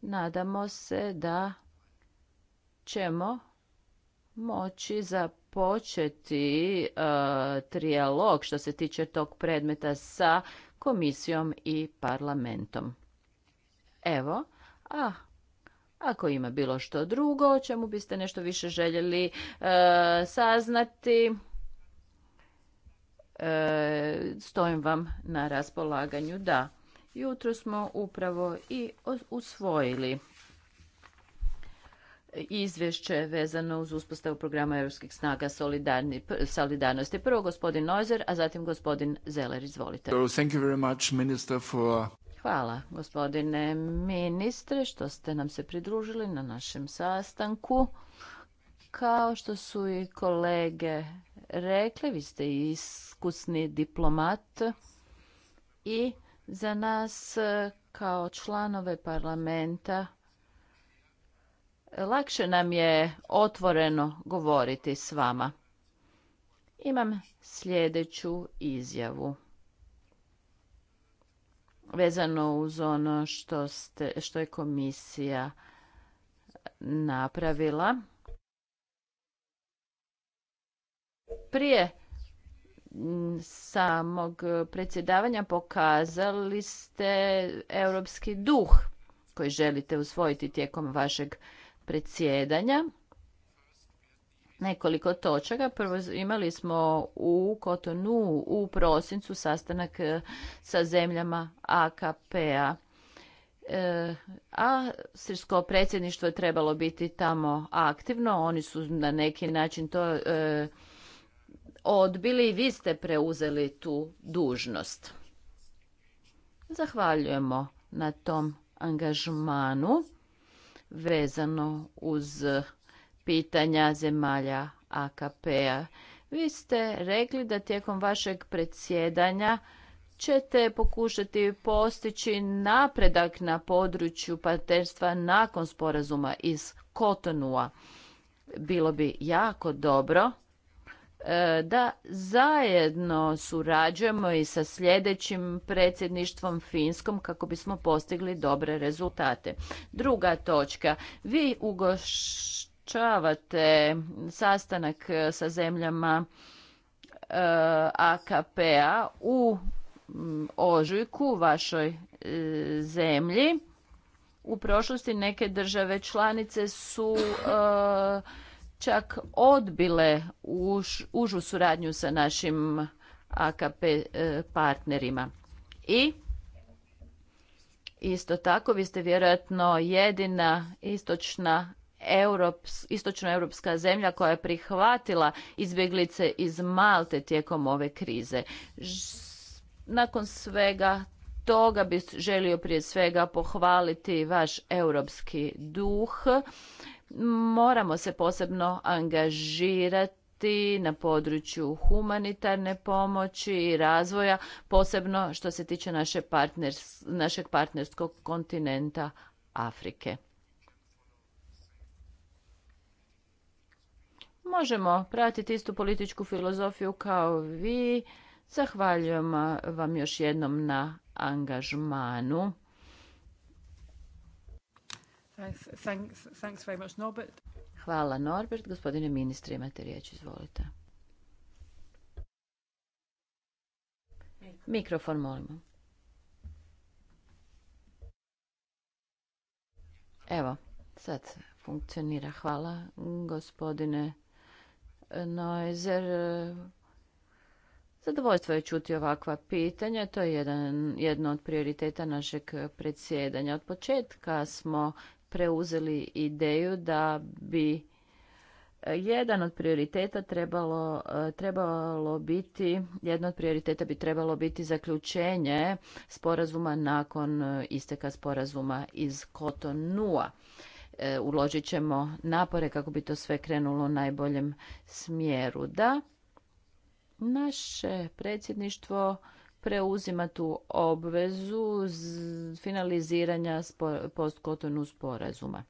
nadamo se da ćemo moći započeti e, trijalog što se tiče tog predmeta sa komisijom i parlamentom. Evo, a ako ima bilo što drugo, o čemu biste nešto više željeli e, saznati, e, stojim vam na raspolaganju da. Jutro smo upravo i usvojili izvješće vezano uz uspostavu programa europskih snaga solidarnosti. Prvo gospodin Nozer, a zatim gospodin Zeller. Izvolite. Hvala gospodine ministre što ste nam se pridružili na našem sastanku. Kao što su i kolege rekli, vi ste iskusni diplomat i za nas kao članove parlamenta lakše nam je otvoreno govoriti s vama. Imam sljedeću izjavu vezano uz ono što, ste, što je komisija napravila. Prije samog predsjedavanja pokazali ste europski duh koji želite usvojiti tijekom vašeg predsjedanja nekoliko točaka. Prvo imali smo u Kotonu u prosincu sastanak e, sa zemljama AKP-a. E, a srpsko predsjedništvo je trebalo biti tamo aktivno. Oni su na neki način to e, odbili i vi ste preuzeli tu dužnost. Zahvaljujemo na tom angažmanu vezano uz pitanja zemalja AKP-a. Vi ste rekli da tijekom vašeg predsjedanja ćete pokušati postići napredak na području partnerstva nakon sporazuma iz Kotonua. Bilo bi jako dobro e, da zajedno surađujemo i sa sljedećim predsjedništvom Finskom kako bismo postigli dobre rezultate. Druga točka, vi ugoš čavate sastanak e, sa zemljama e, AKP-a u ožujku vašoj e, zemlji. U prošlosti neke države članice su čak odbile užu suradnju sa našim AKP partnerima. I isto tako vi ste vjerojatno jedina istočna Europs, istočnoeuropska zemlja koja je prihvatila izbjeglice iz Malte tijekom ove krize. Nakon svega toga bih želio prije svega pohvaliti vaš europski duh. Moramo se posebno angažirati na području humanitarne pomoći i razvoja, posebno što se tiče naše našeg partnerskog kontinenta Afrike. možemo pratiti istu političku filozofiju kao vi. Zahvaljujem vam još jednom na angažmanu. Hvala Norbert. Gospodine ministre, imate riječ, izvolite. Mikrofon, molimo. Evo, sad funkcionira. Hvala, gospodine Noizer. E, zadovoljstvo je čuti ovakva pitanja. To je jedan, jedno od prioriteta našeg predsjedanja. Od početka smo preuzeli ideju da bi jedan od prioriteta trebalo, e, trebalo biti, jedan od prioriteta bi trebalo biti zaključenje sporazuma nakon e, isteka sporazuma iz Kotonua. E, uložit ćemo napore kako bi to sve krenulo u najboljem smjeru. Da, naše predsjedništvo preuzima tu obvezu finaliziranja postkotonu sporazuma.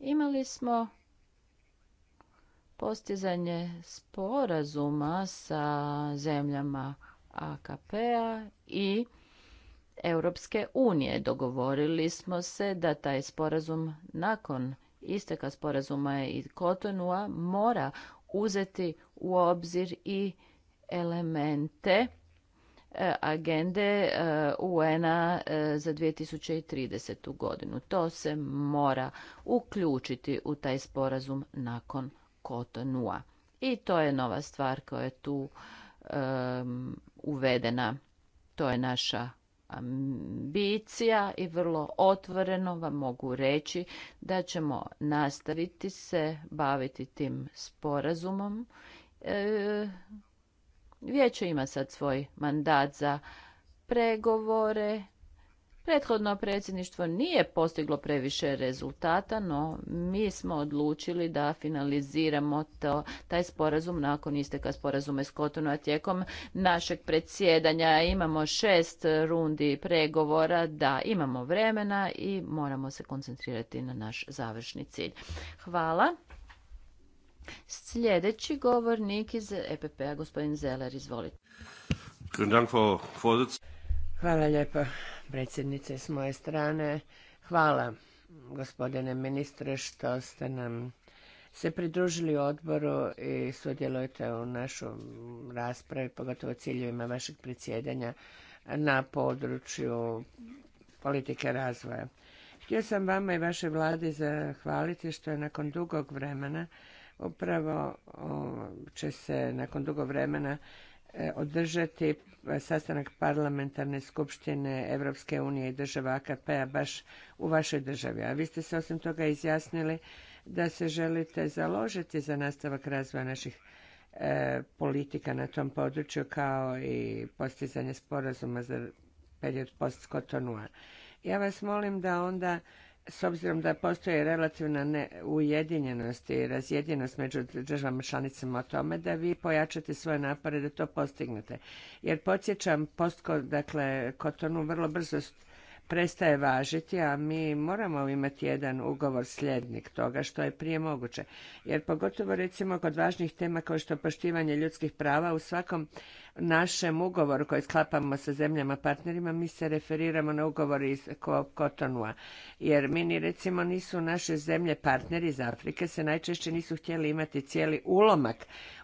Imali smo postizanje sporazuma sa zemljama AKP-a i Europske unije. Dogovorili smo se da taj sporazum nakon isteka sporazuma i Kotonua mora uzeti u obzir i elemente e, agende e, UN-a e, za 2030. godinu. To se mora uključiti u taj sporazum nakon Kotonua. I to je nova stvar koja je tu uvedena. To je naša ambicija i vrlo otvoreno vam mogu reći da ćemo nastaviti se baviti tim sporazumom. E, vijeće ima sad svoj mandat za pregovore Prethodno predsjedništvo nije postiglo previše rezultata, no mi smo odlučili da finaliziramo to, taj sporazum nakon isteka sporazume s Kotonu, a tijekom našeg predsjedanja imamo šest rundi pregovora, da imamo vremena i moramo se koncentrirati na naš završni cilj. Hvala. Sljedeći govornik iz EPP-a, gospodin Zeler, izvolite. Hvala lijepa, predsjednice s moje strane. Hvala gospodine ministre što ste nam se pridružili u odboru i sudjelujete u našu raspravi, pogotovo ciljevima vašeg predsjedanja na području politike razvoja. Htio sam vama i vašoj vladi zahvaliti što je nakon dugog vremena upravo će se nakon dugo vremena E, održati e, sastanak parlamentarne skupštine Europske unije i država AKP-a baš u vašoj državi. A vi ste se osim toga izjasnili da se želite založiti za nastavak razvoja naših e, politika na tom području kao i postizanje sporazuma za period post -Kotonua. Ja vas molim da onda s obzirom da postoji relativna ujedinjenost i razjedinost među državama članicama o tome, da vi pojačate svoje napore da to postignete. Jer podsjećam, post, dakle, Kotonu vrlo brzo prestaje važiti, a mi moramo imati jedan ugovor sljednik toga što je prije moguće. Jer pogotovo recimo kod važnih tema kao što je poštivanje ljudskih prava u svakom našem ugovoru koji sklapamo sa zemljama partnerima mi se referiramo na ugovor iz Kotonua. Jer mi ni recimo nisu naše zemlje partneri iz Afrike se najčešće nisu htjeli imati cijeli ulomak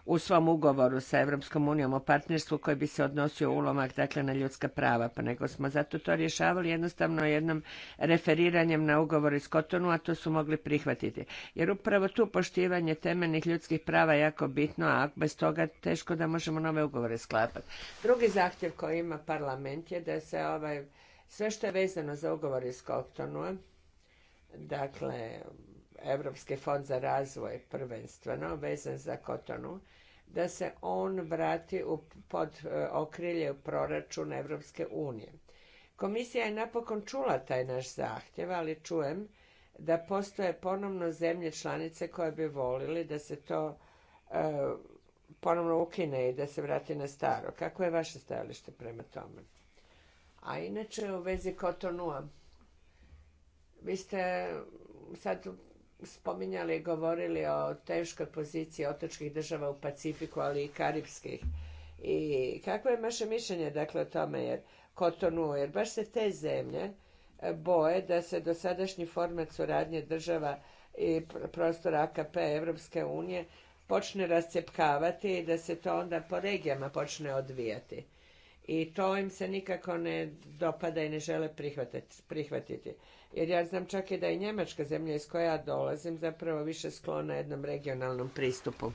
u svom ugovoru sa Europskom unijom o partnerstvu koji bi se odnosio ulomak dakle na ljudska prava, pa nego smo zato to rješavali jednostavno jednom referiranjem na ugovor iz Kotonu, a to su mogli prihvatiti. Jer upravo tu poštivanje temeljnih ljudskih prava je jako bitno, a bez toga teško da možemo nove ugovore sklapati. Drugi zahtjev koji ima parlament je da se ovaj, sve što je vezano za ugovor iz Kotonu, dakle Europski fond za razvoj prvenstveno vezan za Kotonu, da se on vrati pod e, okrilje proračuna Evropske unije. Komisija je napokon čula taj naš zahtjev, ali čujem da postoje ponovno zemlje članice koje bi volili da se to e, ponovno ukine i da se vrati na staro. Kako je vaše stajalište prema tome? A inače u vezi Kotonua, vi ste sad spominjali i govorili o teškoj poziciji otočkih država u Pacifiku, ali i karibskih. I kako je naše mišljenje dakle o tome jer Kotonu, jer baš se te zemlje e, boje da se dosadašnji format suradnje država i prostora AKP Evropske unije počne rascepkavati i da se to onda po regijama počne odvijati i to im se nikako ne dopada i ne žele prihvatiti. Jer ja znam čak i da je Njemačka zemlja iz koja ja dolazim zapravo više sklona jednom regionalnom pristupu.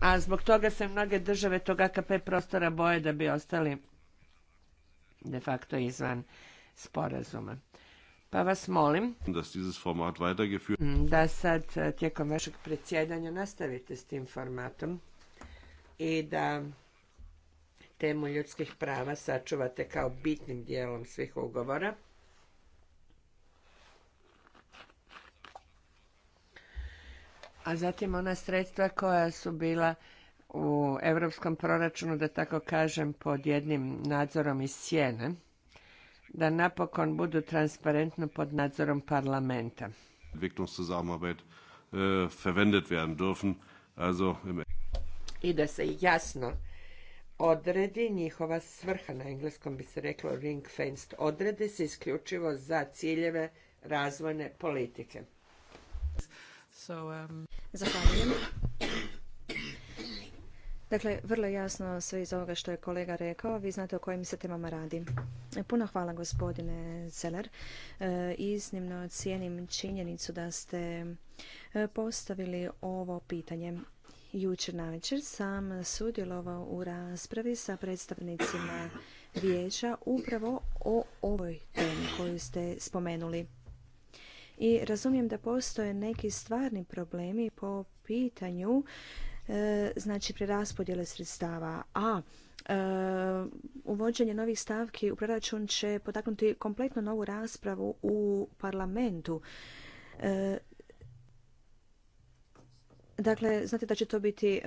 A zbog toga se mnoge države tog AKP prostora boje da bi ostali de facto izvan sporazuma. Pa vas molim da sad e, tijekom vašeg predsjedanja nastavite s tim formatom i da temu ljudskih prava sačuvate kao bitnim dijelom svih ugovora. A zatim ona sredstva koja su bila u europskom proračunu, da tako kažem, pod jednim nadzorom iz sjene da napokon budu transparentno pod nadzorom parlamenta. Äh, verwendet werden I da se jasno odredi, njihova svrha na engleskom bi se reklo ring fenced, odredi se isključivo za ciljeve razvojne politike. Um, Zahvaljujem. Dakle, vrlo jasno sve iz ovoga što je kolega rekao. Vi znate o kojim se temama radi. Puno hvala gospodine Celer. E, iznimno cijenim činjenicu da ste e, postavili ovo pitanje. Jučer navečer sam sudjelovao u raspravi sa predstavnicima vijeća upravo o ovoj temi koju ste spomenuli. I razumijem da postoje neki stvarni problemi po pitanju e, znači preraspodjele sredstava, a e, uvođenje novih stavki u proračun će potaknuti kompletno novu raspravu u parlamentu. E, Dakle, znate da će to biti e,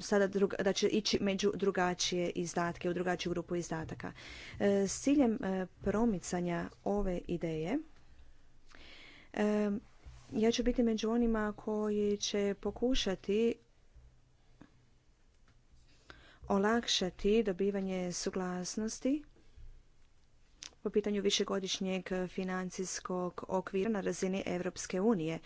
sada druga, da će ići među drugačije izdatke, u drugačiju grupu izdataka. E, s ciljem e, promicanja ove ideje, ja ću biti među onima koji će pokušati olakšati dobivanje suglasnosti po pitanju višegodišnjeg financijskog okvira na razini Europske unije.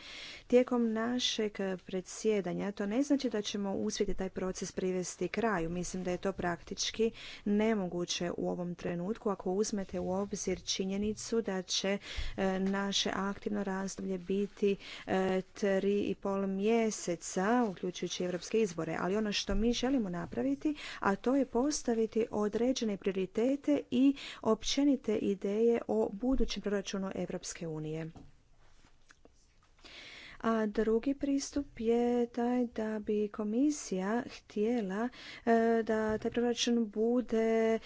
Tijekom našeg predsjedanja to ne znači da ćemo uspjeti taj proces privesti kraju. Mislim da je to praktički nemoguće u ovom trenutku ako uzmete u obzir činjenicu da će e, naše aktivno razdoblje biti e, tri i pol mjeseca, uključujući europske izbore. Ali ono što mi želimo napraviti, a to je postaviti određene prioritete i općenite ideje o budućem proračunu Europske unije. A drugi pristup je taj da bi komisija htjela e, da taj proračun bude e,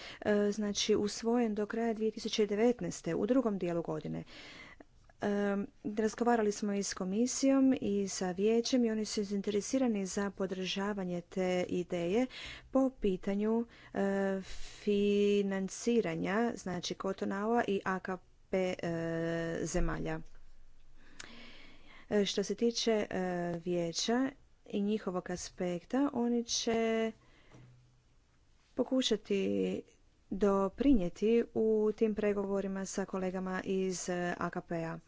znači usvojen do kraja 2019. u drugom dijelu godine. Razgovarali smo i s komisijom i sa vijećem i oni su zainteresirani za podržavanje te ideje po pitanju e, financiranja, znači Kotonaua i AKP e, zemalja. E, što se tiče vijeća i njihovog aspekta, oni će pokušati doprinijeti u tim pregovorima sa kolegama iz AKP-a.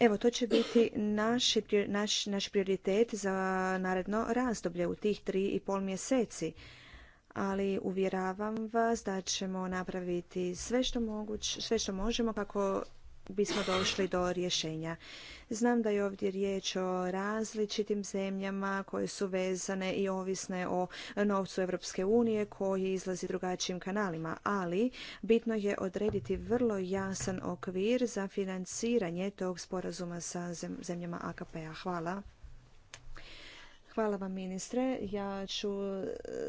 Evo, to će biti naš, naš, naš prioritet za naredno razdoblje u tih tri i pol mjeseci. Ali uvjeravam vas da ćemo napraviti sve što, moguć, sve što možemo kako bismo došli do rješenja. Znam da je ovdje riječ o različitim zemljama koje su vezane i ovisne o novcu Europske unije koji izlazi drugačijim kanalima, ali bitno je odrediti vrlo jasan okvir za financiranje tog sporazuma sa zemljama AKP-a. Hvala. Hvala vam ministre. Ja ću,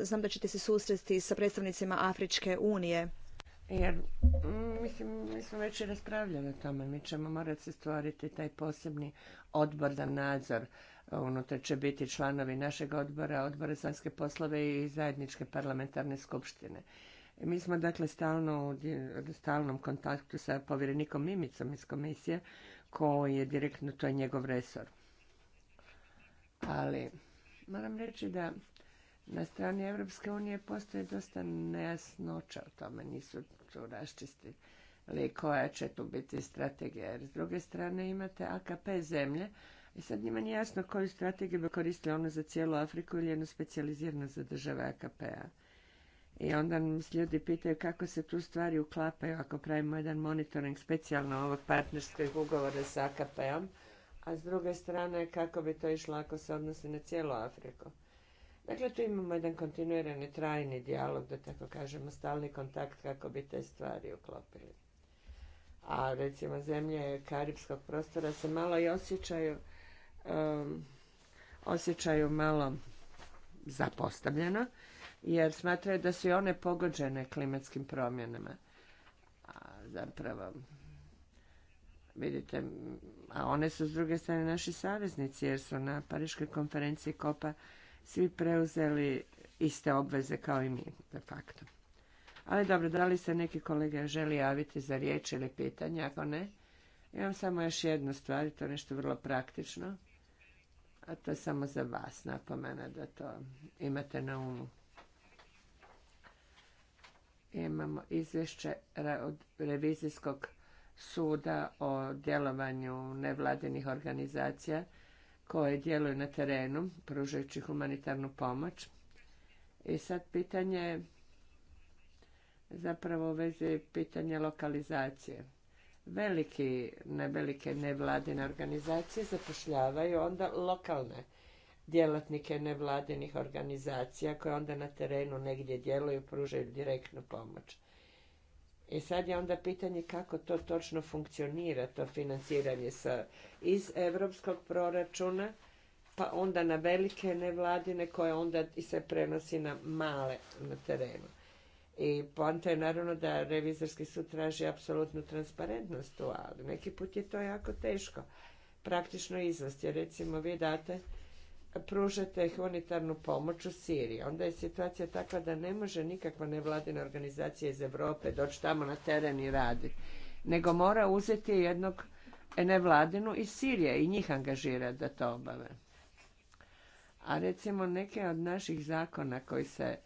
znam da ćete se susresti sa predstavnicima Afričke unije. Jer, mm, mislim, mi smo već i raspravljali o tome. Mi ćemo morati se stvoriti taj posebni odbor za nadzor. Unutar će biti članovi našeg odbora, odbora za poslove i zajedničke parlamentarne skupštine. Mi smo dakle stalno u stalnom kontaktu sa povjerenikom Mimicom iz komisije, koji je direktno, to je njegov resor. Ali moram reći da na strani Europske unije postoji dosta nejasnoća o tome, nisu tu raščistili koja će tu biti strategija. Jer s druge strane imate AKP zemlje i sad njima nije jasno koju strategiju bi koristili ono za cijelu Afriku ili jednu specijaliziranu za države AKP-a. I onda ljudi pitaju kako se tu stvari uklapaju ako pravimo jedan monitoring specijalno ovog partnerskog ugovora sa AKP-om, a s druge strane kako bi to išlo ako se odnosi na cijelu Afriku. Dakle, tu imamo jedan kontinuirani trajni dijalog, da tako kažemo, stalni kontakt kako bi te stvari uklopili. A recimo zemlje karibskog prostora se malo i osjećaju, um, osjećaju malo zapostavljeno, jer smatraju da su i one pogođene klimatskim promjenama. A zapravo, vidite, a one su s druge strane naši saveznici, jer su na Pariškoj konferenciji kopa svi preuzeli iste obveze kao i mi, de facto. Ali dobro, da li se neki kolega želi javiti za riječ ili pitanje? Ako ne, imam samo još jednu stvar to je nešto vrlo praktično. A to je samo za vas napomena da to imate na umu. Imamo izvješće od revizijskog suda o djelovanju nevladinih organizacija koje djeluju na terenu, pružajući humanitarnu pomoć. I sad pitanje zapravo u vezi pitanja lokalizacije. Veliki, ne velike nevladine organizacije zapošljavaju onda lokalne djelatnike nevladinih organizacija koje onda na terenu negdje djeluju, pružaju direktnu pomoć. E sad je onda pitanje kako to točno funkcionira, to financiranje sa, iz europskog proračuna, pa onda na velike nevladine koje onda i se prenosi na male na terenu. I poanta je naravno da revizorski sud traži apsolutnu transparentnost tu, ali neki put je to jako teško praktično izvesti. Recimo vi date pružate humanitarnu pomoć u Siriji. Onda je situacija takva da ne može nikakva nevladina organizacija iz Europe doći tamo na teren i raditi, nego mora uzeti jednog e, nevladinu iz Sirije i njih angažirati da to obave. A recimo neke od naših zakona koji se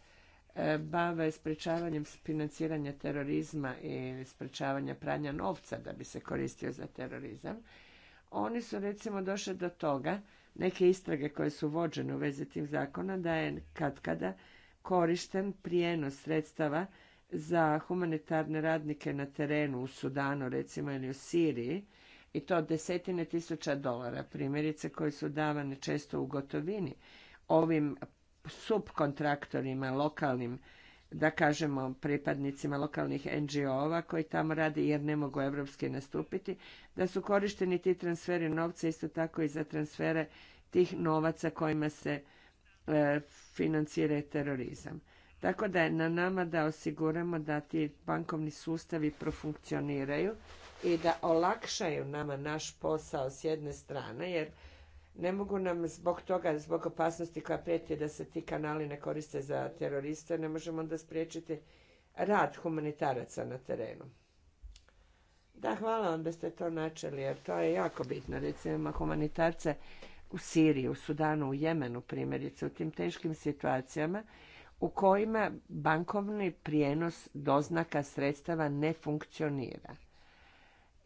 e, bave sprečavanjem financiranja terorizma i sprečavanja pranja novca da bi se koristio za terorizam, oni su recimo došli do toga neke istrage koje su vođene u vezi tih zakona da je kada korišten prijenos sredstava za humanitarne radnike na terenu u Sudanu recimo ili u Siriji i to desetine tisuća dolara primjerice koji su davane često u gotovini ovim subkontraktorima, lokalnim da kažemo pripadnicima lokalnih NGO-ova koji tamo rade jer ne mogu evropski nastupiti, da su korišteni ti transferi novca isto tako i za transfere tih novaca kojima se e, financira terorizam. Tako da je na nama da osiguramo da ti bankovni sustavi profunkcioniraju i da olakšaju nama naš posao s jedne strane, jer ne mogu nam zbog toga, zbog opasnosti koja prijeti da se ti kanali ne koriste za teroriste, ne možemo onda spriječiti rad humanitaraca na terenu. Da, hvala vam da ste to načeli, jer to je jako bitno. Recimo, ima humanitarce u Siriji, u Sudanu, u Jemenu, primjerice, u tim teškim situacijama u kojima bankovni prijenos doznaka sredstava ne funkcionira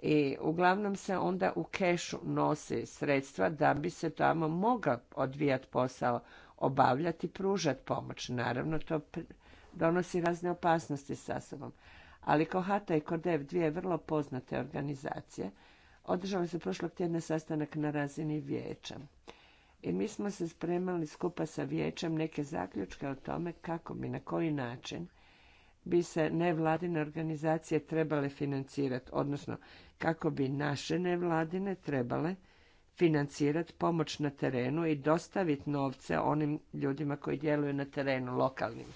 i uglavnom se onda u kešu nosi sredstva da bi se tamo mogao odvijati posao, obavljati, pružati pomoć. Naravno, to donosi razne opasnosti sa sobom. Ali Kohata i Kodev, dvije vrlo poznate organizacije, održali su prošlog tjedna sastanak na razini vijeća. I mi smo se spremali skupa sa vijećem neke zaključke o tome kako bi, na koji način bi se nevladine organizacije trebale financirati, odnosno kako bi naše nevladine trebale financirati pomoć na terenu i dostaviti novce onim ljudima koji djeluju na terenu, lokalnim.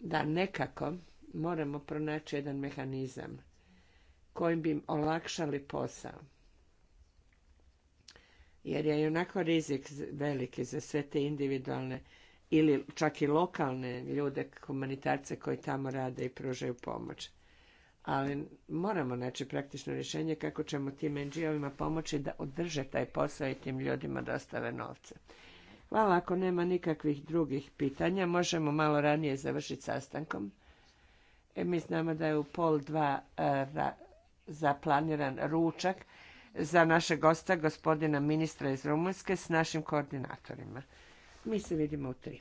Da nekako moramo pronaći jedan mehanizam kojim bi im olakšali posao. Jer je i onako rizik veliki za sve te individualne ili čak i lokalne ljude, humanitarce koji tamo rade i pružaju pomoć. Ali moramo naći praktično rješenje kako ćemo tim ngo ima pomoći da održe taj posao i tim ljudima dostave novce. Hvala, ako nema nikakvih drugih pitanja, možemo malo ranije završiti sastankom. E, mi znamo da je u pol dva e, za zaplaniran ručak za naše gosta, gospodina ministra iz Rumunjske, s našim koordinatorima. Mi se vidimo u tri.